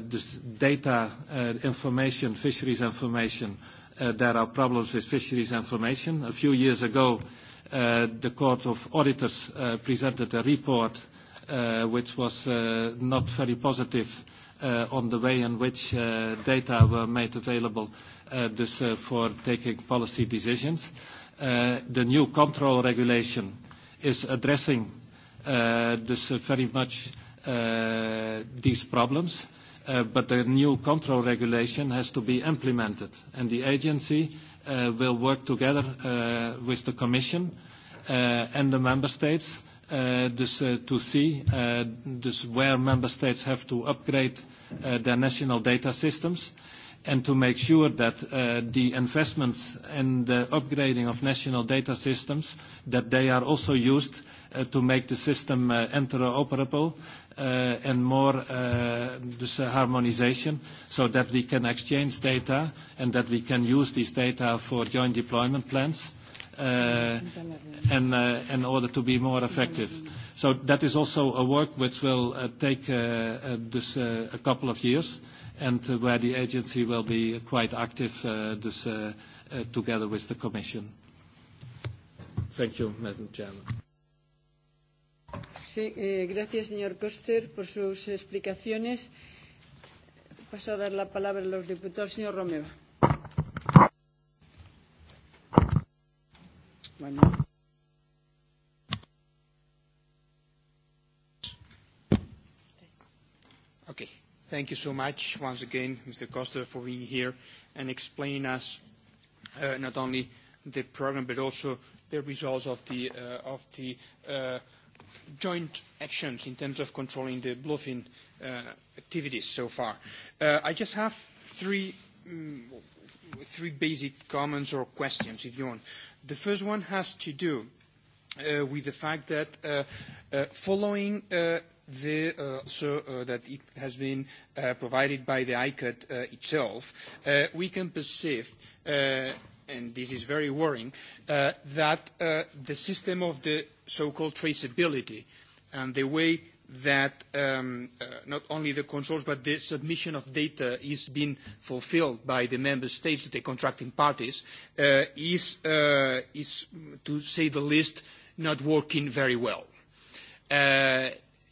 dus data information, fisheries information, there are problems with fisheries information. A few years ago, the Court of Auditors presented a report which was not very positive on the way in which data were made available for taking policy decisions. The new control regulation is addressing this very much these problems. But the new control regulation has to be implemented, and the agency will work together with the Commission and the member states dus to see dus where member states have to upgrade their national data systems and to make sure that the investments and the upgrading of national data systems, that they are also used to make the system interoperable and more this harmonization, so that we can exchange data and that we can use this data for joint deployment plans in order to be more effective. So that is also a work which will take this a couple of years and where the agency will be quite active this together with the Commission. Thank you, Madam Chairman. Sí, eh, gracias, señor Koster, por sus explicaciones. Paso a dar la palabra a los diputados. Señor Romeva. Bueno. Thank you so much once again, Mr. Costa, for being here and explaining us uh, not only the program but also the results of the, uh, of the uh, joint actions in terms of controlling the bluefin uh, activities so far. Uh, I just have three, um, three basic comments or questions, if you want. The first one has to do uh, with the fact that uh, uh, following uh, the, uh, so, uh, that it has been uh, provided by the ICAT uh, itself, uh, we can perceive uh, and this is very worrying, that the system of the so-called traceability and the way that not only the controls but the submission of data is being fulfilled by the member states, the contracting parties, is, to say the least, not working very well.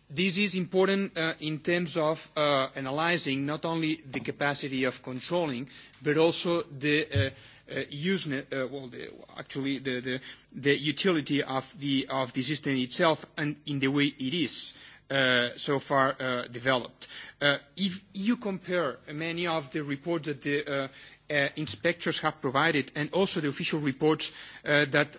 This is important in terms of analyzing not only the capacity of controlling, but also the well actually the utility of the system itself and in the way it is so far developed. If you compare many of the reports that the inspectors have provided and also the official reports that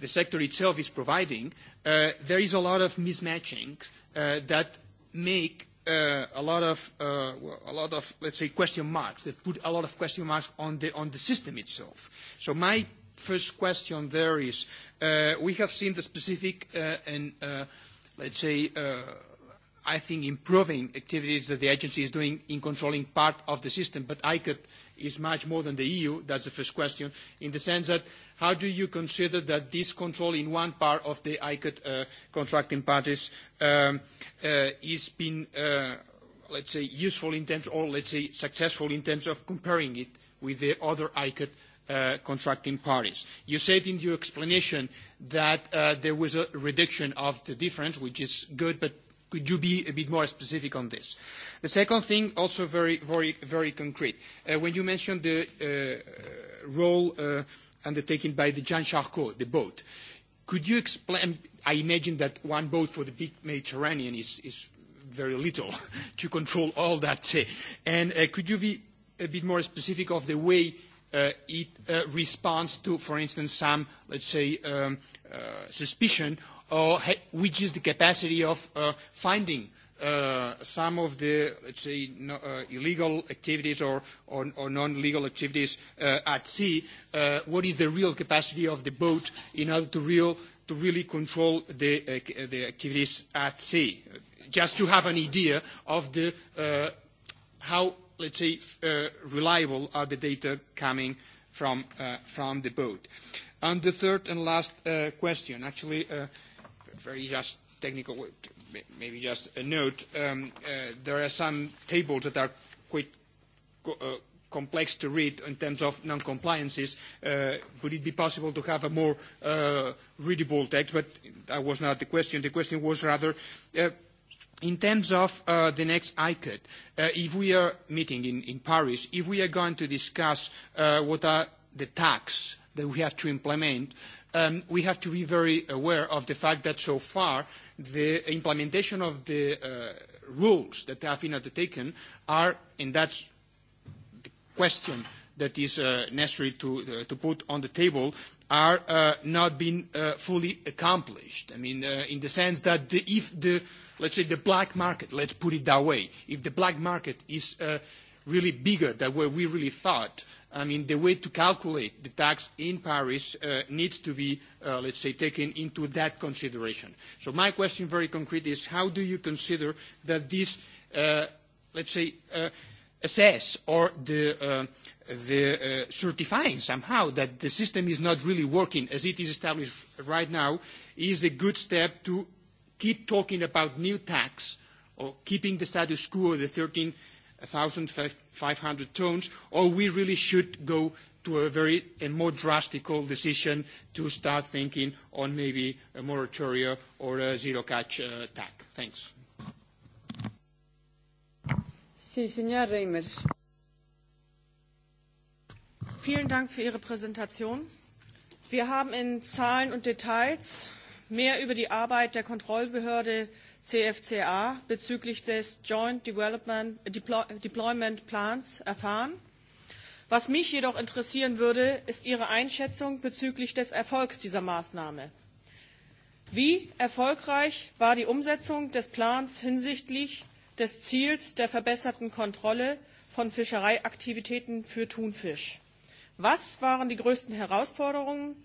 the sector itself is providing, uh, there is a lot of mismatching uh, that make uh, a lot of uh, a lot of let's say question marks that put a lot of question marks on the on the system itself. So my first question there is uh, we have seen the specific uh, and uh, let's say. Uh, I think improving activities that the agency is doing in controlling part of the system, but ICAT is much more than the EU. That's the first question, in the sense that How do you consider that this control in one part of the ICAT contracting parties is been, let's say, useful in terms or, let's say, successful in terms of comparing it with the other ICAT contracting parties. You said in your explanation that there was a reduction of the difference, which is good, but could you be a bit more specific on this? The second thing, also very concrete. When you mentioned the role undertaken by the Jean Charcot, the boat. Could you explain? I imagine that one boat for the big Mediterranean is, is very little to control all that. And uh, could you be a bit more specific of the way uh, it uh, responds to, for instance, some, let's say, um, uh, suspicion, or ha- which is the capacity of uh, finding some of the, let's say, no, uh, illegal activities or, or, or non-legal activities uh, at sea, uh, what is the real capacity of the boat in order to, real, to really control the, uh, the activities at sea? Just to have an idea of the, uh, how, let's say, uh, reliable are the data coming from, uh, from the boat. And the third and last uh, question, actually, uh, very just technical maybe just a note. There are some tables that are quite complex to read in terms of non-compliances. Would it be possible to have a more readable text? But That was not the question. The question was rather, in terms of the next ICAT, if we are meeting in Paris, if we are going to discuss what are the tax that we have to implement, we have to be very aware of the fact that so far the implementation of the rules that have been undertaken are, and that's the question that is necessary to put on the table, are not being fully accomplished. I mean, in the sense that if the, let's say, the black market, let's put it that way, if the black market is really bigger than what we really thought. I mean, the way to calculate the tax in Paris uh, needs to be, uh, let's say, taken into that consideration. So my question, very concrete, is how do you consider that this, uh, let's say, uh, assess or the, uh, the uh, certifying somehow that the system is not really working as it is established right now is a good step to keep talking about new tax or keeping the status quo of the 13 1,500 tons, or we really should go to a very a more drastic decision to start thinking on maybe a moratoria or a zero-catch tag. Thanks. Sí, señor Reimers. Vielen Dank für Ihre Präsentation. Wir haben in Zahlen und Details mehr über die Arbeit der Kontrollbehörde CFCA bezüglich des Joint Deployment Plans erfahren. Was mich jedoch interessieren würde, ist Ihre Einschätzung bezüglich des Erfolgs dieser Maßnahme. Wie erfolgreich war die Umsetzung des Plans hinsichtlich des Ziels der verbesserten Kontrolle von Fischereiaktivitäten für Thunfisch? Was waren die größten Herausforderungen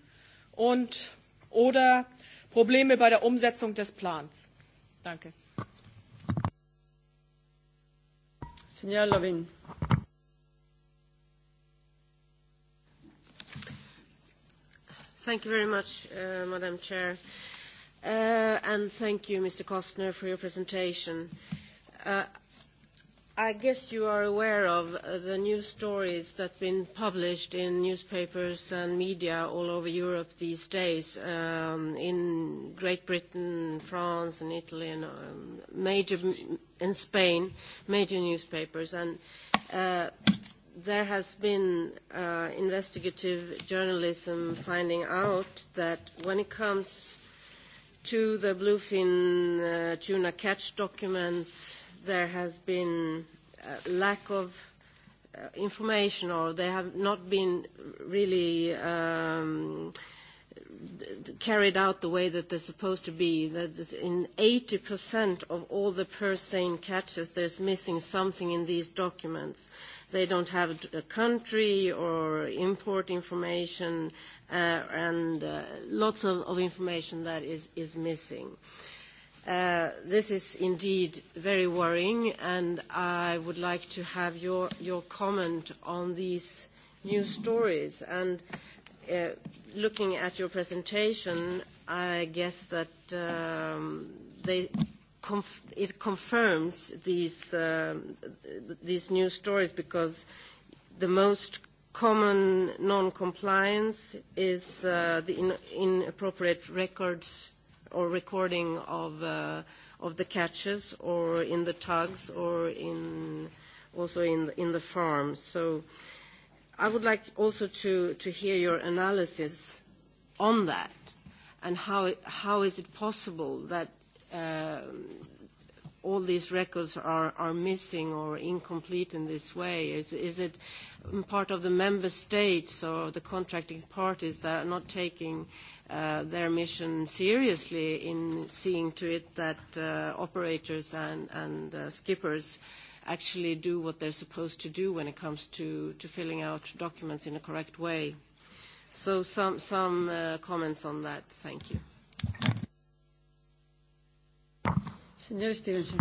und oder Probleme bei der Umsetzung des Plans? Danke. Signor Lovin. Thank you very much, uh, Madam Chair. Uh, and thank you, Mr. Costner, for your presentation. Uh, I guess you are aware of the news stories that have been published in newspapers and media all over Europe these days, in Great Britain, France, and Italy, and um, major in Spain, major newspapers, and there has been investigative journalism finding out that when it comes to the bluefin tuna catch documents there has been a lack of information or they have not been really um, carried out the way that they're supposed to be. That is in 80% of all the per se catches, there's missing something in these documents. They don't have a country or import information uh, and uh, lots of, of information that is, is missing. Uh, This is indeed very worrying, and I would like to have your comment on these news stories. And Looking at your presentation, I guess that it confirms these news stories because the most common non-compliance is the inappropriate records or recording of, uh, of the catches or in the tugs or in, also in, in the farms. So I would like also to, to hear your analysis on that and how, how is it possible that uh, all these records are, are missing or incomplete in this way? Is, is it part of the member states or the contracting parties that are not taking uh, their mission seriously in seeing to it that operators and skippers actually do what they're supposed to do when it comes to filling out documents in a correct way. So Some comments on that. Thank you. Stevenson.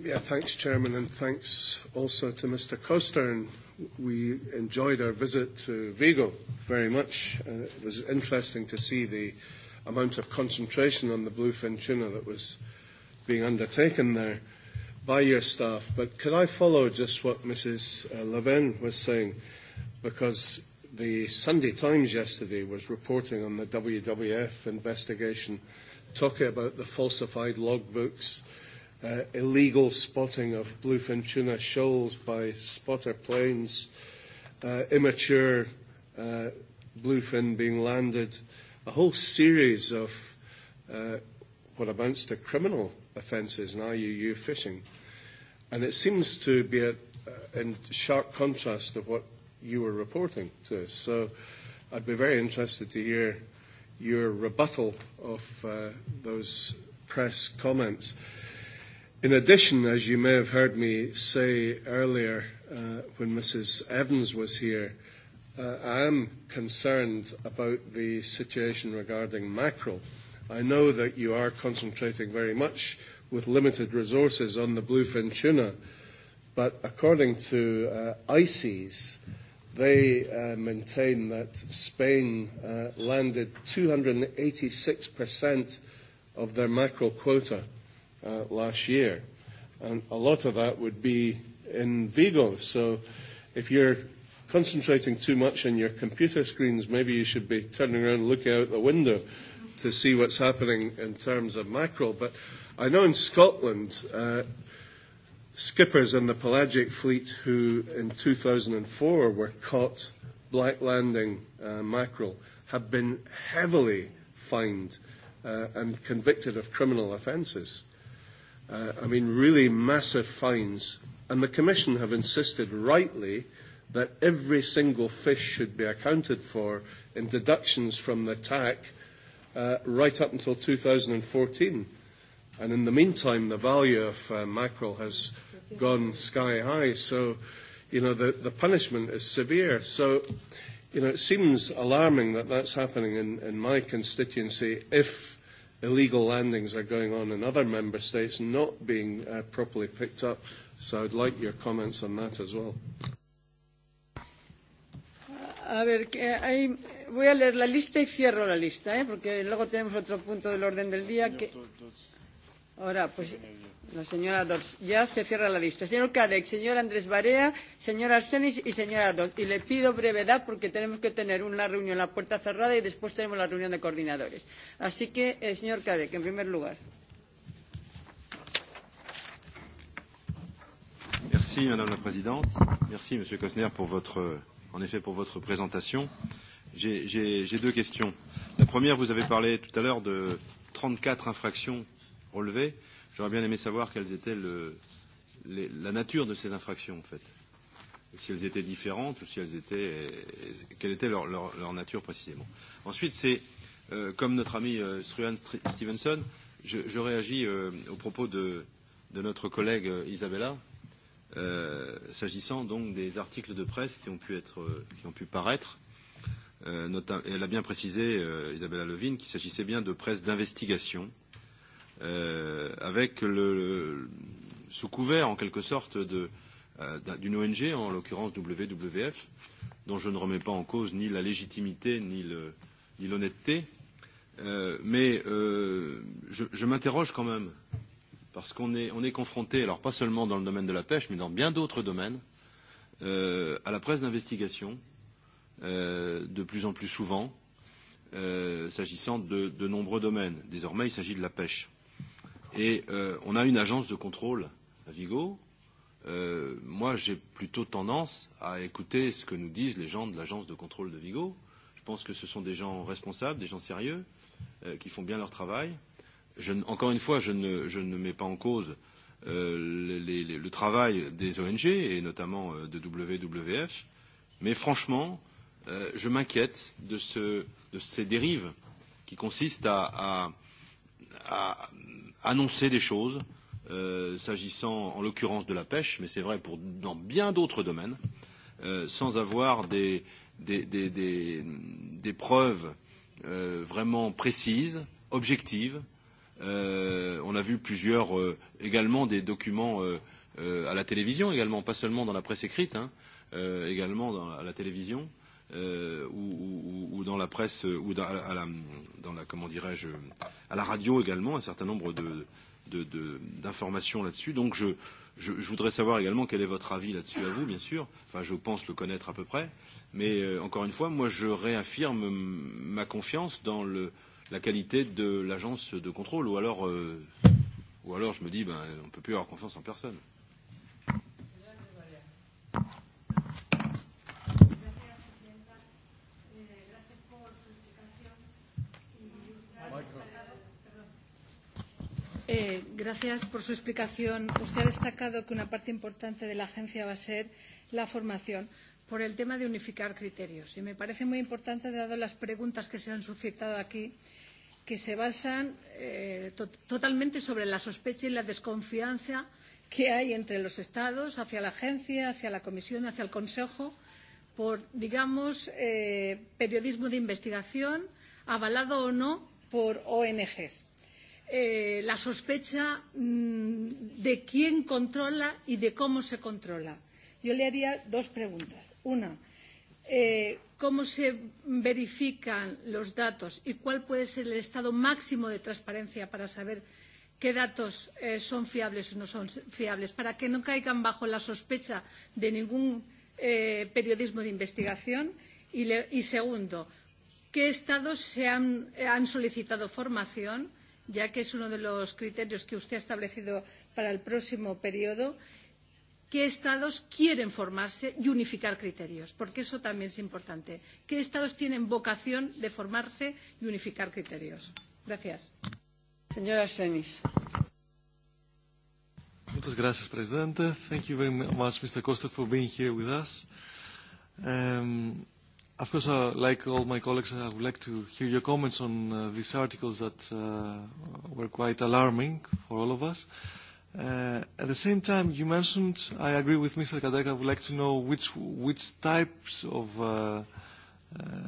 Yeah, thanks, Chairman, and thanks also to Mr. Coster and we enjoyed our visit to Vigo very much. Uh, it was interesting to see the amount of concentration on the bluefin tuna that was being undertaken there by your staff. But could I follow just what Mrs. Levin was saying? Because the Sunday Times yesterday was reporting on the WWF investigation, talking about the falsified logbooks uh, illegal spotting of bluefin tuna shoals by spotter planes, uh, immature uh, bluefin being landed, a whole series of uh, what amounts to criminal offences in IUU fishing. And it seems to be a uh, in sharp contrast to what you were reporting to us. So I'd be very interested to hear your rebuttal of uh, those press comments. In addition, as you may have heard me say earlier uh, when Mrs. Evans was here, uh, I am concerned about the situation regarding mackerel. I know that you are concentrating very much with limited resources on the bluefin tuna, but according to uh, ICES, they uh, maintain that Spain uh, landed 286% of their mackerel quota uh, last year. And a lot of that would be in Vigo. So if you're concentrating too much on your computer screens, maybe you should be turning around and looking out the window to see what's happening in terms of mackerel. But I know in Scotland, uh, skippers in the pelagic fleet who in 2004 were caught black landing uh, mackerel have been heavily fined uh, and convicted of criminal offences uh, I mean, really massive fines. And the Commission have insisted rightly that every single fish should be accounted for in deductions from the TAC uh, right up until 2014. And in the meantime, the value of uh, mackerel has gone sky high. So, you know, the, the punishment is severe. So, you know, it seems alarming that that's happening in, in my constituency if illegal landings are going on in other member states not being uh, properly picked up. So I'd like your comments on that as well. A ver, que hay, voy a leer la lista y cierro la lista, ¿eh? porque luego tenemos otro punto del orden del día que. Ahora, pues. La señora Dodds. Ya se cierra la lista. Señor Cadec, señor Andrés Barea, señora Arsenis y señora Dodds. Y le pido brevedad porque tenemos que tener una reunión la puerta cerrada y después tenemos la reunión de coordinadores. Así que, eh, señor Cadec, en primer lugar. Merci, Madame la Présidente. Merci, Monsieur Cosner, pour votre, en effet, pour votre présentation. J'ai deux questions. La première, vous avez parlé tout à l'heure de 34 infractions relevées. J'aurais bien aimé savoir quelles étaient le, les, la nature de ces infractions, en fait. Si elles étaient différentes ou si elles étaient, quelle était leur, leur, leur nature précisément. Ensuite, c'est euh, comme notre ami euh, Struan Stevenson, je, je réagis euh, aux propos de, de notre collègue euh, Isabella, euh, s'agissant donc des articles de presse qui ont pu, être, euh, qui ont pu paraître. Euh, elle a bien précisé, euh, Isabella Levine, qu'il s'agissait bien de presse d'investigation avec le, sous couvert en quelque sorte d'une ONG, en l'occurrence WWF, dont je ne remets pas en cause ni la légitimité ni l'honnêteté, mais je, m'interroge quand même, parce qu'on est, confronté, alors pas seulement dans le domaine de la pêche, mais dans bien d'autres domaines, à la presse d'investigation, de plus en plus souvent, s'agissant de, nombreux domaines. Désormais, il s'agit de la pêche. Et euh, on a une agence de contrôle à Vigo. Euh, moi, j'ai plutôt tendance à écouter ce que nous disent les gens de l'agence de contrôle de Vigo. Je pense que ce sont des gens responsables, des gens sérieux, euh, qui font bien leur travail. Je, encore une fois, je ne, je ne mets pas en cause euh, les, les, le travail des ONG et notamment euh, de WWF, mais franchement, euh, je m'inquiète de, ce, de ces dérives qui consistent à, à, à annoncer des choses, s'agissant en l'occurrence de la pêche, mais c'est vrai pour, dans bien d'autres domaines, sans avoir des, des, des, des, des preuves vraiment précises, objectives. on a vu plusieurs également des documents à la télévision, également, pas seulement dans la presse écrite, également à la télévision euh, ou, ou, ou dans la presse ou dans, à la, dans la comment dirais-je à la radio également un certain nombre de d'informations là-dessus. Donc je, je, je voudrais savoir également quel est votre avis là-dessus à vous, bien sûr. Enfin, je pense le connaître à peu près. Mais euh, encore une fois, moi, je réaffirme ma confiance dans le, la qualité de l'agence de contrôle. Ou alors, euh, ou alors je me dis, ben, on ne peut plus avoir confiance en personne. gracias por su explicación. Usted ha destacado que una parte importante de la agencia va a ser la formación por el tema de unificar criterios. Y me parece muy importante, dado las preguntas que se han suscitado aquí, que se basan totalmente sobre la sospecha y la desconfianza que hay entre los Estados hacia la agencia, hacia la Comisión, hacia el Consejo, por, digamos, periodismo de investigación avalado o no por ONGs la sospecha de quién controla y de cómo se controla. Yo le haría dos preguntas. Una, ¿cómo se verifican los datos y cuál puede ser el estado máximo de transparencia para saber qué datos son fiables o no son fiables, para que no caigan bajo la sospecha de ningún periodismo de investigación? Y, segundo, ¿qué estados han solicitado formación? ya que es uno de los criterios que usted ha establecido para el próximo periodo, qué estados quieren formarse y unificar criterios, porque eso también es importante. ¿Qué estados tienen vocación de formarse y unificar criterios? Gracias. Señora Senis. Muchas gracias, Thank you very much, Mr. Costa, for being here with us. Um, Of course, uh, like all my colleagues, I would like to hear your comments on uh, these articles that uh, were quite alarming for all of us. Uh, at the same time, you mentioned, I agree with Mr. Kadek, I would like to know which, which types of uh, uh,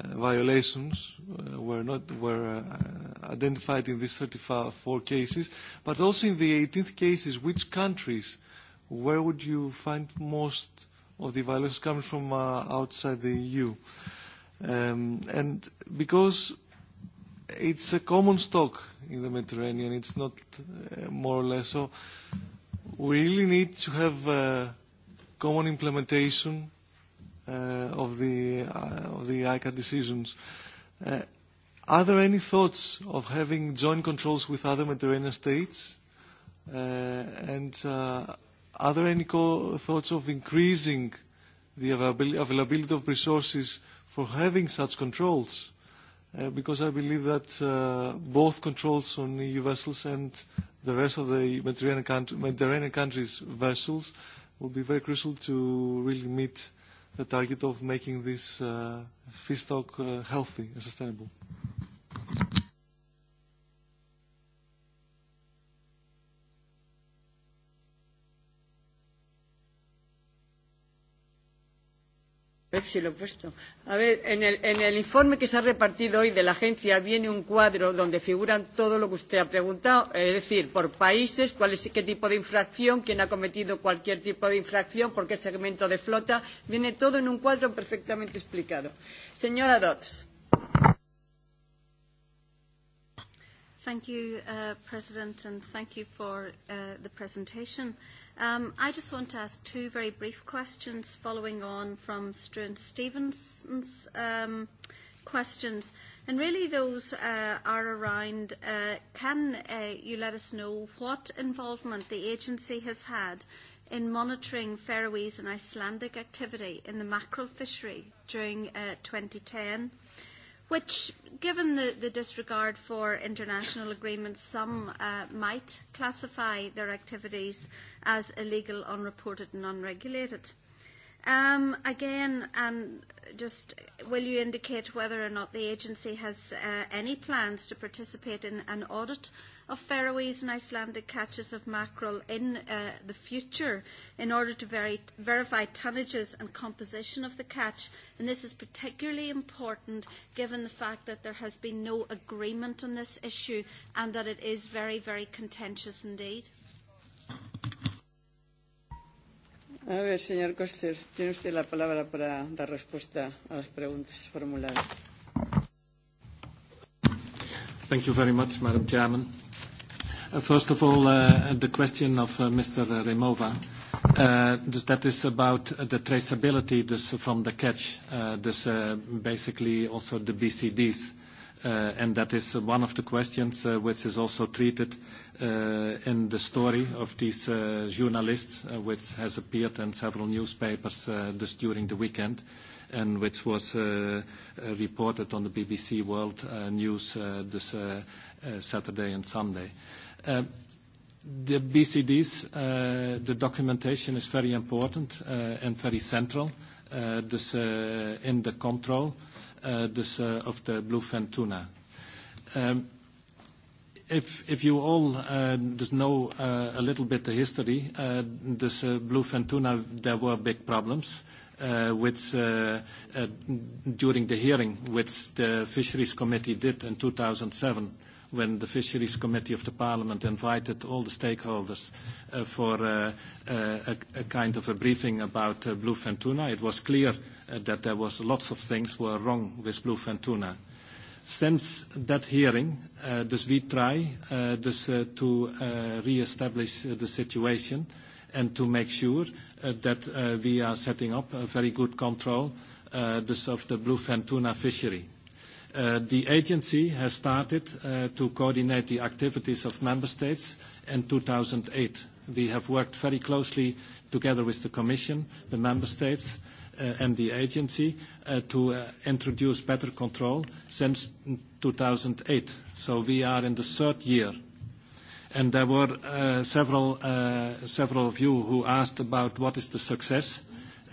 violations uh, were, not, were uh, identified in these 34 cases, but also in the 18 cases, which countries, where would you find most of the violations coming from uh, outside the EU? Uh, Um, and because it's a common stock in the Mediterranean, it's not uh, more or less. So we really need to have uh, common implementation uh, of the uh, of the ICA decisions. Uh, are there any thoughts of having joint controls with other Mediterranean states? Uh, and uh, are there any co- thoughts of increasing the availability of resources? for having such controls, uh, because I believe that uh, both controls on EU vessels and the rest of the Mediterranean, country, Mediterranean countries' vessels will be very crucial to really meet the target of making this uh, fish stock uh, healthy and sustainable. en el, informe que se ha repartido hoy de la agencia viene un cuadro donde figuran todo lo que usted ha preguntado, es decir, por países, cuál es, qué tipo de infracción, quién ha cometido cualquier tipo de infracción, por qué segmento de flota. Viene todo en un cuadro perfectamente explicado. Señora Dodds. Thank you, uh, President, and thank you for uh, the presentation. Um, I just want to ask two very brief questions following on from Struan Stevenson's um, questions. And really those uh, are around, uh, can uh, you let us know what involvement the agency has had in monitoring Faroese and Icelandic activity in the mackerel fishery during uh, 2010? which, given the, the disregard for international agreements, some uh, might classify their activities as illegal, unreported and unregulated. Um, again, and just will you indicate whether or not the agency has uh, any plans to participate in an audit of Faroese and Icelandic catches of mackerel in uh, the future in order to verify tonnages and composition of the catch. And this is particularly important given the fact that there has been no agreement on this issue and that it is very, very contentious indeed. A ver, señor tiene usted la palabra para dar respuesta a las preguntas formuladas. Thank you very much, Madam Chairman. First of all, the question of Mr. Remova. Dus that is about the traceability, from the catch, basically also the BCDs. And that is one of the questions which is also treated in the story of these journalists, which has appeared in several newspapers just during the weekend, and which was reported on the BBC World News this Saturday and Sunday. The BCDs, the documentation is very important and very central, dus in the control dus of the bluefin tuna. If you all just know a little bit the history, this bluefin tuna, there were big problems which during the hearing, which the Fisheries Committee did in 2007 when the Fisheries Committee of the Parliament invited all the stakeholders for a a kind of a briefing about bluefin tuna. It was clear that there was lots of things were wrong with bluefin tuna. Since that hearing, dus we try dus to establish the situation and to make sure that we are setting up a very good control dus of the bluefin tuna fishery. The agency has started to coordinate the activities of member states in 2008. We have worked very closely together with the Commission, the member states, and the agency to introduce better control since 2008. So we are in the third year. And there were several of you who asked about what is the success.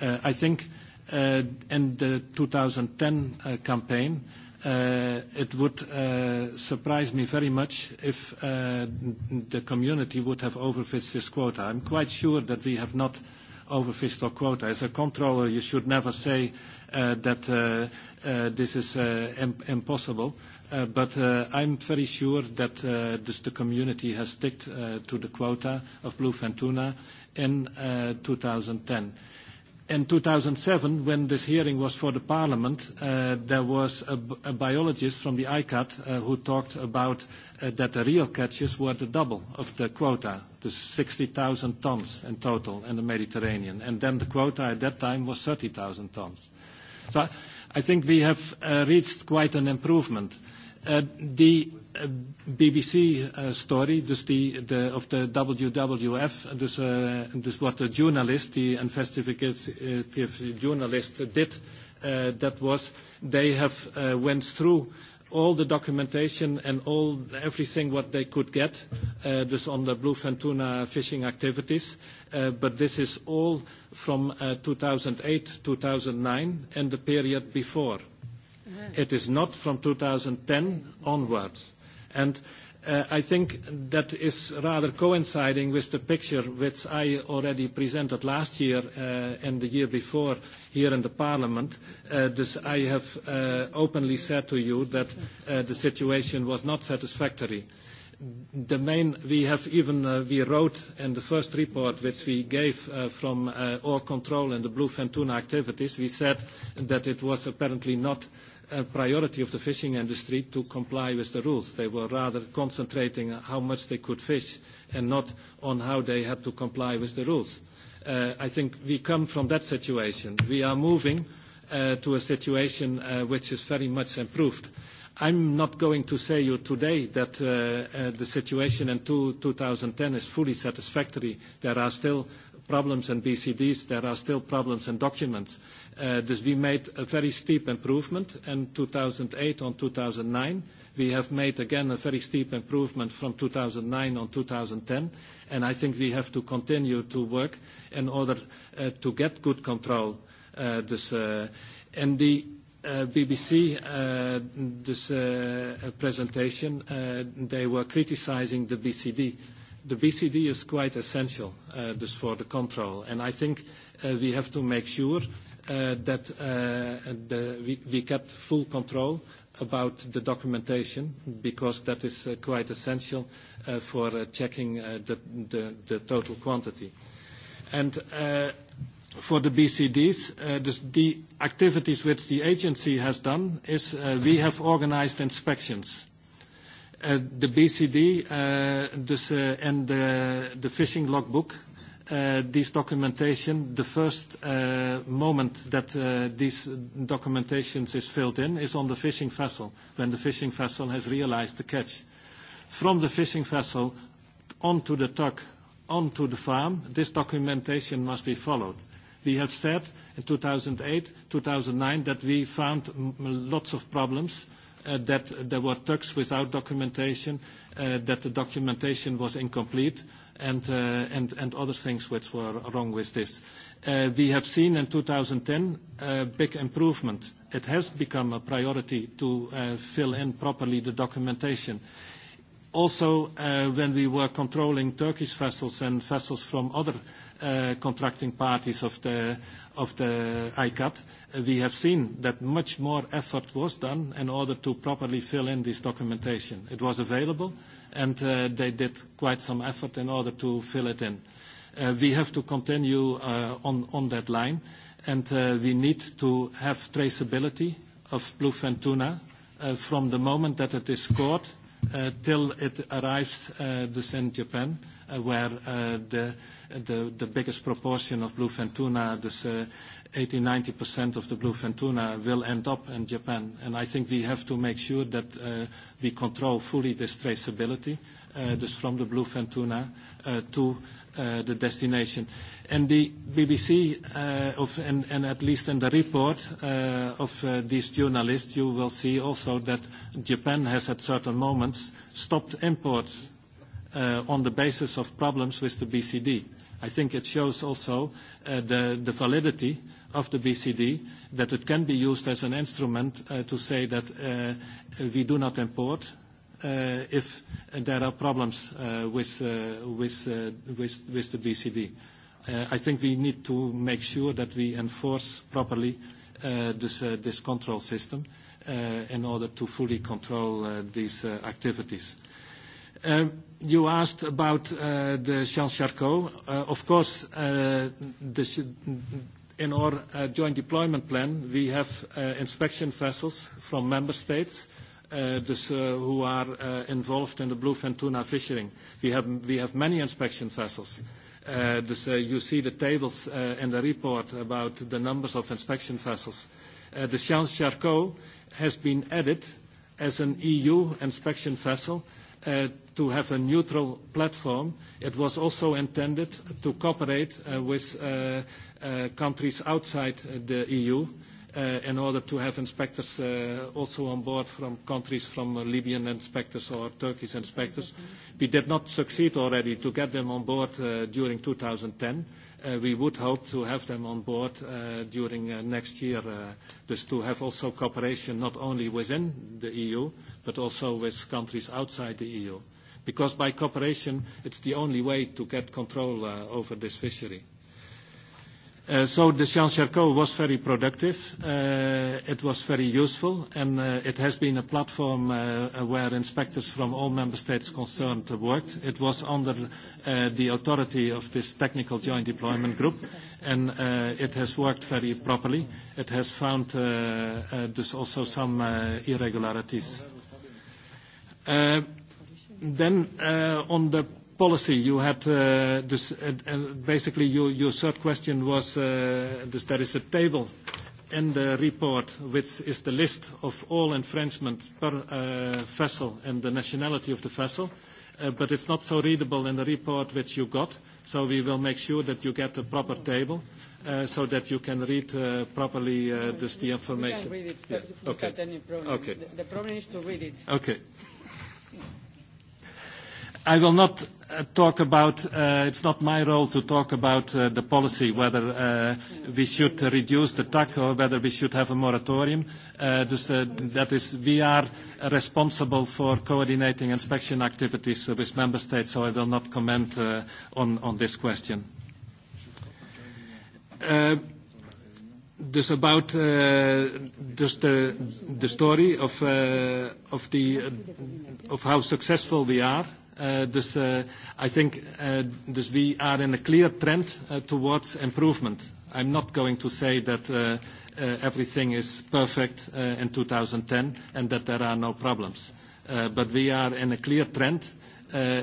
I think in the 2010 campaign, it would surprise me very much if the community would have overfished this quota. I'm quite sure that we have not overfished our quota. As a controller, you should never say that this is impossible. But I'm very sure that the community has sticked to the quota of bluefin tuna in 2010. In 2007, when this hearing was for the parliament, there was a biologist from the ICAT who talked about that the real catches were the double of the quota, the 60,000 tons in total in the Mediterranean. And then the quota at that time was 30,000 tons. So I think we have reached quite an improvement. The BBC story, dus die, the of de WWF, dus, uh, dus wat de journalist, die investigative journalist did, uh, that was they have uh, went through all the documentation and all everything what they could get, uh, this on the bluefin tuna fishing activities. Uh, but this is all from 2008, 2009, and the period before. It is not from 2010 onwards. And I think that is rather coinciding with the picture which I already presented last year and the year before here in the parliament. I have openly said to you that the situation was not satisfactory. We have even we wrote in the first report which we gave from our control and the bluefin tuna activities, we said that it was apparently not a priority of the fishing industry to comply with the rules. They were rather concentrating on how much they could fish and not on how they had to comply with the rules. I think we come from that situation. We are moving to a situation which is very much improved. I'm not going to say you today that the situation in 2010 is fully satisfactory. There are still problems and BCDs, there are still problems in documents. Thus we made a very steep improvement in 2008 on 2009. We have made, again, a very steep improvement from 2009 on 2010, and I think we have to continue to work in order to get good control. This in the BBC this presentation, they were criticizing the BCD the BCD is quite essential this for the control. And I think we have to make sure that we kept full control about the documentation because that is quite essential for checking the total quantity. And for the BCDs, the activities which the agency has done is we have organized inspections BCD and the fishing logbook, uh, this documentation, the first uh, moment that uh, these is filled in is on the fishing vessel, when the fishing vessel has realized the catch. From the fishing vessel onto the tug, onto the farm, this documentation must be followed. We have said in 2008, 2009 that we found lots of problems that there were tugs without documentation, that the documentation was incomplete, and other things which were wrong with this. We have seen in 2010 a big improvement. It has become a priority to fill in properly the documentation. Also, when we were controlling Turkish vessels and vessels from other contracting parties of the ICAT, we have seen that much more effort was done in order to properly fill in this documentation. It was available, and they did quite some effort in order to fill it in. We have to continue on that line, and we need to have traceability of bluefin tuna from the moment that it is caught till it arrives this in Japan, where the biggest proportion of bluefin tuna, this 80%-90% of the bluefin tuna will end up in Japan. And I think we have to make sure that we control fully this traceability, this from the bluefin tuna to uh, the destination. And the BBC, uh, of, and, and at least in the report uh, of uh, these journalists, you will see also that Japan has at certain moments stopped imports uh, on the basis of problems with the BCD. I think it shows also uh, the, the validity of the BCD, that it can be used as an instrument uh, to say that uh, we do not import, if there are problems with the BCD. I think we need to make sure that we enforce properly this control system in order to fully control these activities. You asked about the Jean Charcot. Of course, in our joint deployment plan, we have inspection vessels from member states uh, uh, who are uh, involved in the bluefin tuna fishing. We have, we have many inspection vessels. Uh, this, uh, you see the tables uh, in the report about the numbers of inspection vessels. Uh, the Chance Charcot has been added as an EU inspection vessel to have a neutral platform. It was also intended to cooperate with countries outside the EU in order to have inspectors also on board from countries, from Libyan inspectors or Turkish inspectors. We did not succeed already to get them on board during 2010. We would hope to have them on board during next year, just to have also cooperation not only within the EU, but also with countries outside the EU. Because by cooperation, it's the only way to get control over this fishery. So the Charles Charcot was very productive. It was very useful, and it has been a platform where inspectors from all member states concerned worked. It was under the authority of this technical joint deployment group, and it has worked very properly. It has found there's also some irregularities. Then, on the policy, you had this, basically, your third question was, there is a table in the report, which is the list of all infringements per vessel and the nationality of the vessel. But it's not so readable in the report which you got, so we will make sure that you get the proper table, so that you can read properly this the information. You can read it. Yeah. Okay. Without any problem. Okay. The problem is to read it. Okay. I will not talk about, uh it's not my role to talk about uh the policy, whether we should reduce the tax or whether we should have a moratorium. That is, we are responsible for coordinating inspection activities with member states, so I will not comment on this question. This about just the story of the of how successful we are Dus I think dus we are in a clear trend towards improvement. I'm not going to say that everything is perfect in 2010 and that there are no problems. But we are in a clear trend,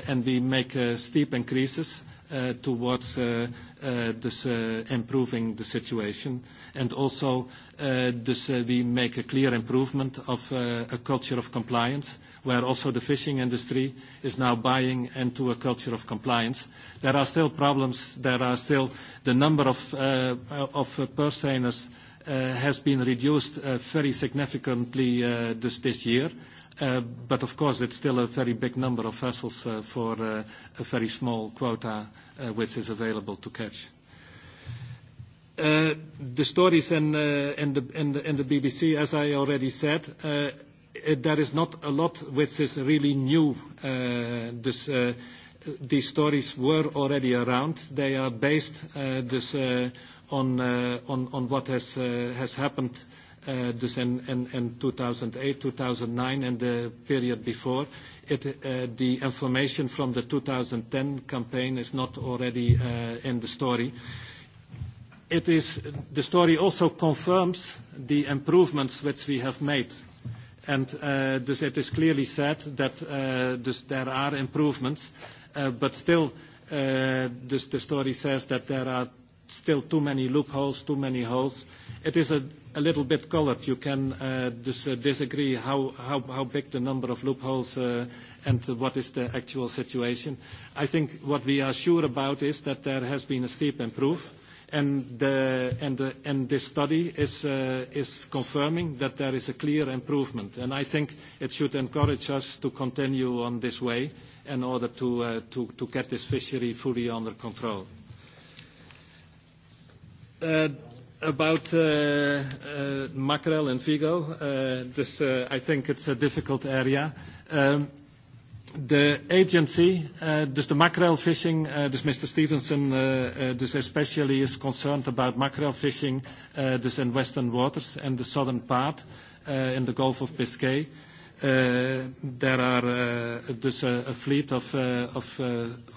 and we make steep increases towards dus improving the situation. And also, dus we make a clear improvement of a culture of compliance, where also the fishing industry is now buying into a culture of compliance. There are still problems. There are still the number of purse seiners has been reduced very significantly this year. But of course, it's still a very big number of vessels for a very small quota which is available to catch. The stories in the BBC, as I already said, there is not a lot which is really new. This These stories were already around. They are based on what has happened dus in en, en 2008, 2009 and the period before, it, uh, the information from the 2010 campaign is not already uh, in the story. It is, the story also confirms the improvements which we have made. And uh, dus it is clearly said that uh, dus there are improvements, uh, but still uh, the story says that there are still too many loopholes, too many holes, It is a little bit colored. You can disagree how big the number of loopholes and what is the actual situation. I think what we are sure about is that there has been a steep improvement and this study is confirming that there is a clear improvement. And I think it should encourage us to continue on this way in order to get this fishery fully under control. About mackerel and Vigo, this, I think it's a difficult area. The agency, just the mackerel fishing, this Mr. Stevenson, this especially is concerned about mackerel fishing, this in western waters and the southern part, in the Gulf of Biscay. There are there's a fleet of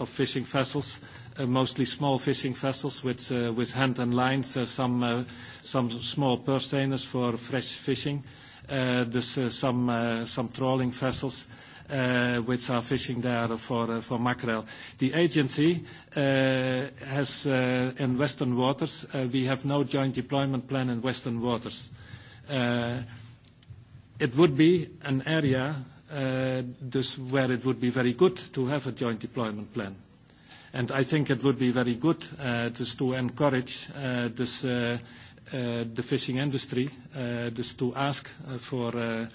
fishing vessels mostly small fishing vessels with with hand and lines, some some small purse seiners for fresh fishing. There's some some trawling vessels which are fishing there for for mackerel. The agency has in Western waters, we have no joint deployment plan in Western waters. It would be an area, where it would be very good to have a joint deployment plan And I think it would be very good just to encourage this the fishing industry just to ask for a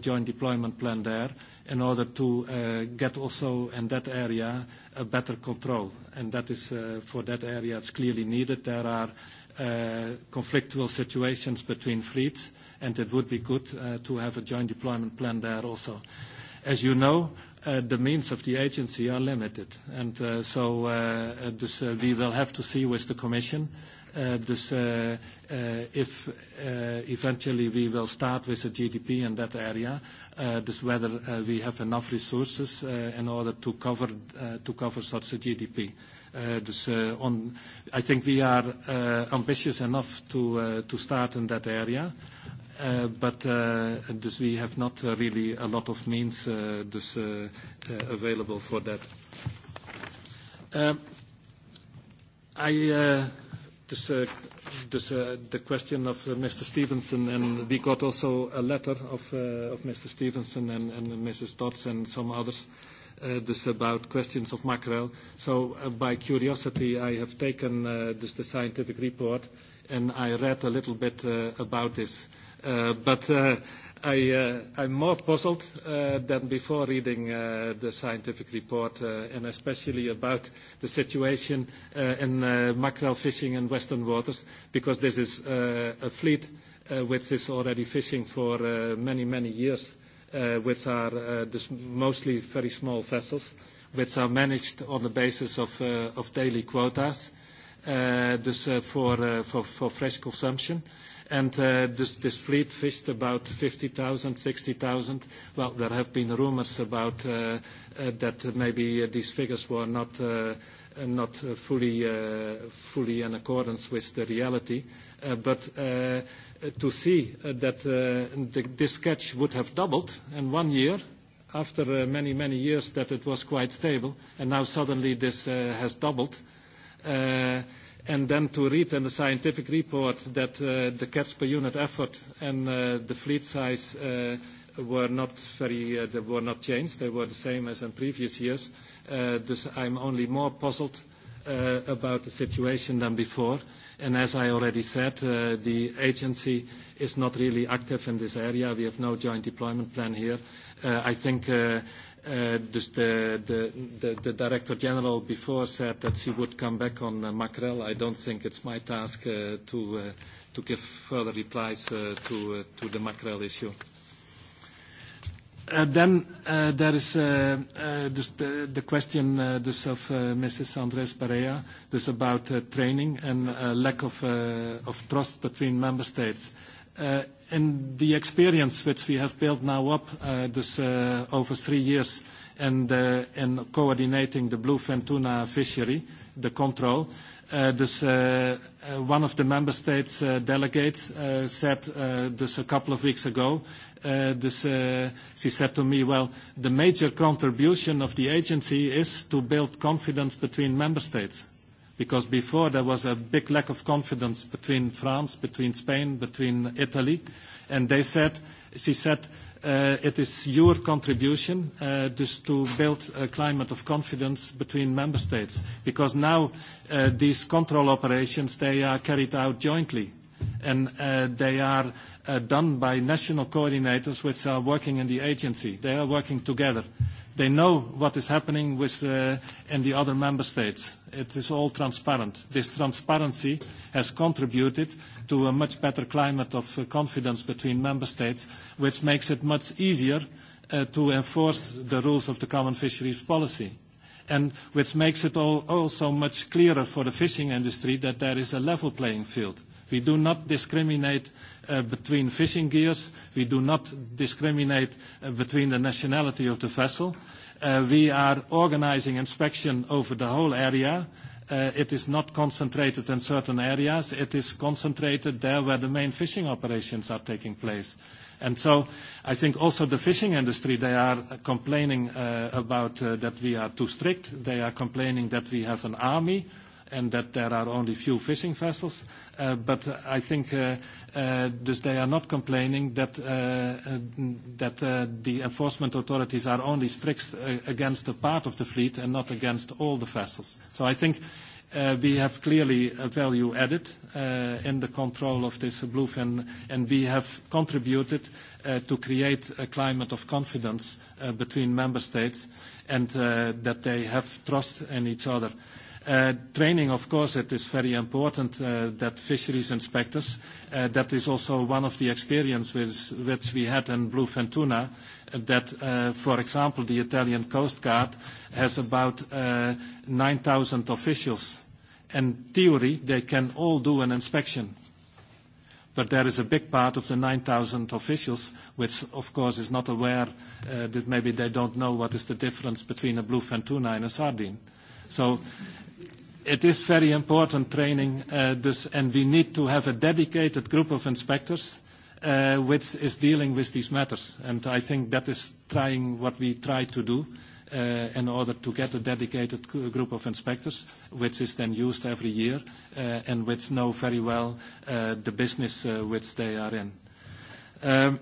joint deployment plan there in order to get also in that area a better control. And that is for that area, it's clearly needed. There are conflictual situations between fleets, and it would be good to have a joint deployment plan there also. As you know, the means of the agency are limited. And so this we will have to see with the commission. This if eventually we will start with a GDP in that area, this whether we have enough resources in order to cover to cover such a GDP. on I think we are ambitious enough to start in that area. But dus we have not really a lot of means dus available for that. I dus the question of Mr. Stevenson, and we got also a letter of Mr. Stevenson and Mrs. Dodds and some others this about questions of mackerel. So by curiosity, I have taken the scientific report, and I read a little bit about this. But I I'm more puzzled than before reading the scientific report, and especially about the situation in mackerel fishing in Western waters, because this is a fleet which is already fishing for many, many years, which are mostly very small vessels, which are managed on the basis of daily quotas, dus voor fresh consumption and this fleet fished about 50,000, 60,000. Well, there have been rumors about that maybe these figures were not fully in accordance with the reality. But to see that this catch would have doubled in one year after many, many years that it was quite stable, and now suddenly this has doubled, and then to read in the scientific report that the cats per unit effort and the fleet size were not very, they were not changed. They were the same as in previous years. this, I'm only more puzzled about the situation than before. And As I already said, the agency is not really active in this area. We have no joint deployment plan here. I think The Director General before said that she would come back on Mackerel. I don't think it's my task to give further replies to the Mackerel issue. Then there is just the question just of Mrs. Andrés Perea, just about training and lack of trust between member states in the experience which we have built now up this over three years in coordinating the bluefin tuna fishery, the control, this one of the member states delegates said this a couple of weeks ago, this she said to me, "Well, the major contribution of the agency is to build confidence between member states." because before there was a big lack of confidence between France, between Spain, between Italy, and they said, she said, it is your contribution just to build a climate of confidence between member states, because now these control operations, they are carried out jointly, and they are done by national coordinators which are working in the agency. They are working together. They know what is happening with, in the other member states. It is all transparent. This transparency has contributed to a much better climate of confidence between member states, which makes it much easier to enforce the rules of the common fisheries policy and which makes it also much clearer for the fishing industry that there is a level playing field. We do not discriminate between fishing gears. We do not discriminate between the nationality of the vessel. We are organizing inspection over the whole area. It is not concentrated in certain areas. It is concentrated there where the main fishing operations are taking place. And so I think also the fishing industry, they are complaining about that we are too strict. They are complaining that we have an army and that there are only few fishing vessels. But I think they are not complaining that the enforcement authorities are only strict against a part of the fleet and not against all the vessels. So I think we have clearly a value added in the control of this bluefin, and we have contributed to create a climate of confidence between member states and that they have trust in each other. Training, of course, it is very important that fisheries inspectors, that is also one of the experiences which we had in bluefin tuna, that, for example, the Italian Coast Guard has about 9,000 officials. In theory, they can all do an inspection, But there is a big part of the 9,000 officials, which of course is not aware that maybe they don't know what is the difference between a bluefin tuna and a sardine. So It is very important training, and we need to have a dedicated group of inspectors which is dealing with these matters. and I think that is trying what we try to do in order to get a dedicated group of inspectors, which is then used every year, and which know very well the business which they are in.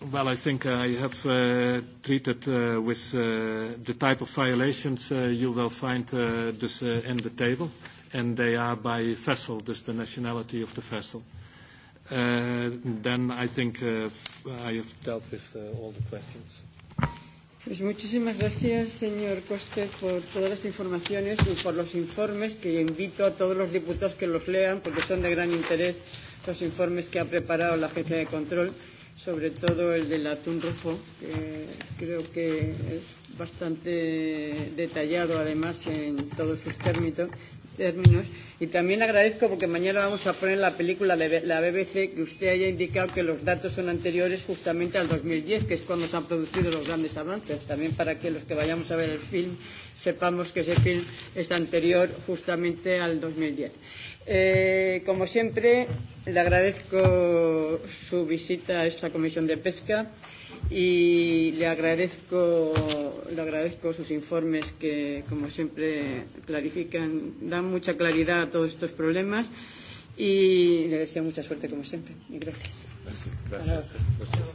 Well, I think I have uh, treated uh, with uh, the type of violations uh, you will find uh, this, uh, in the table, and they are by vessel, just the nationality of the vessel. Uh, then I think uh, I have dealt with uh, all the questions. Pues muchísimas gracias, señor Coste, por todas las informaciones y por los informes, que invito a todos los diputados que los lean, porque son de gran interés los informes que ha preparado la Agencia de Control sobre todo el del atún rojo, que creo que es bastante detallado además en todos sus términos términos. Y también agradezco, porque mañana vamos a poner la película de la BBC, que usted haya indicado que los datos son anteriores justamente al 2010, que es cuando se han producido los grandes avances. También para que los que vayamos a ver el film sepamos que ese film es anterior justamente al 2010. Eh, como siempre, le agradezco su visita a esta comisión de pesca y le agradezco, le agradezco sus informes que, como siempre, clarifican, dan mucha claridad a todos estos problemas y le deseo mucha suerte, como siempre. Y gracias. Gracias. gracias.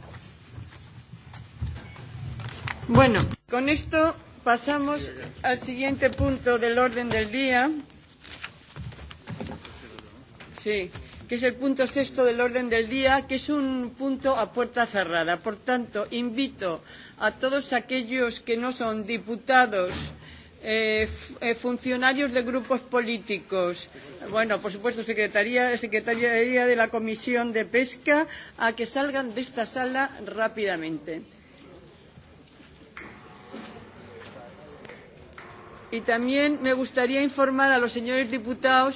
Bueno, con esto pasamos al siguiente punto del orden del día Sí, que es el punto sexto del orden del día, que es un punto a puerta cerrada. Por tanto, invito a todos aquellos que no son diputados, eh, funcionarios de grupos políticos, bueno, por supuesto, secretaría, secretaría de la Comisión de Pesca, a que salgan de esta sala rápidamente. Y también me gustaría informar a los señores diputados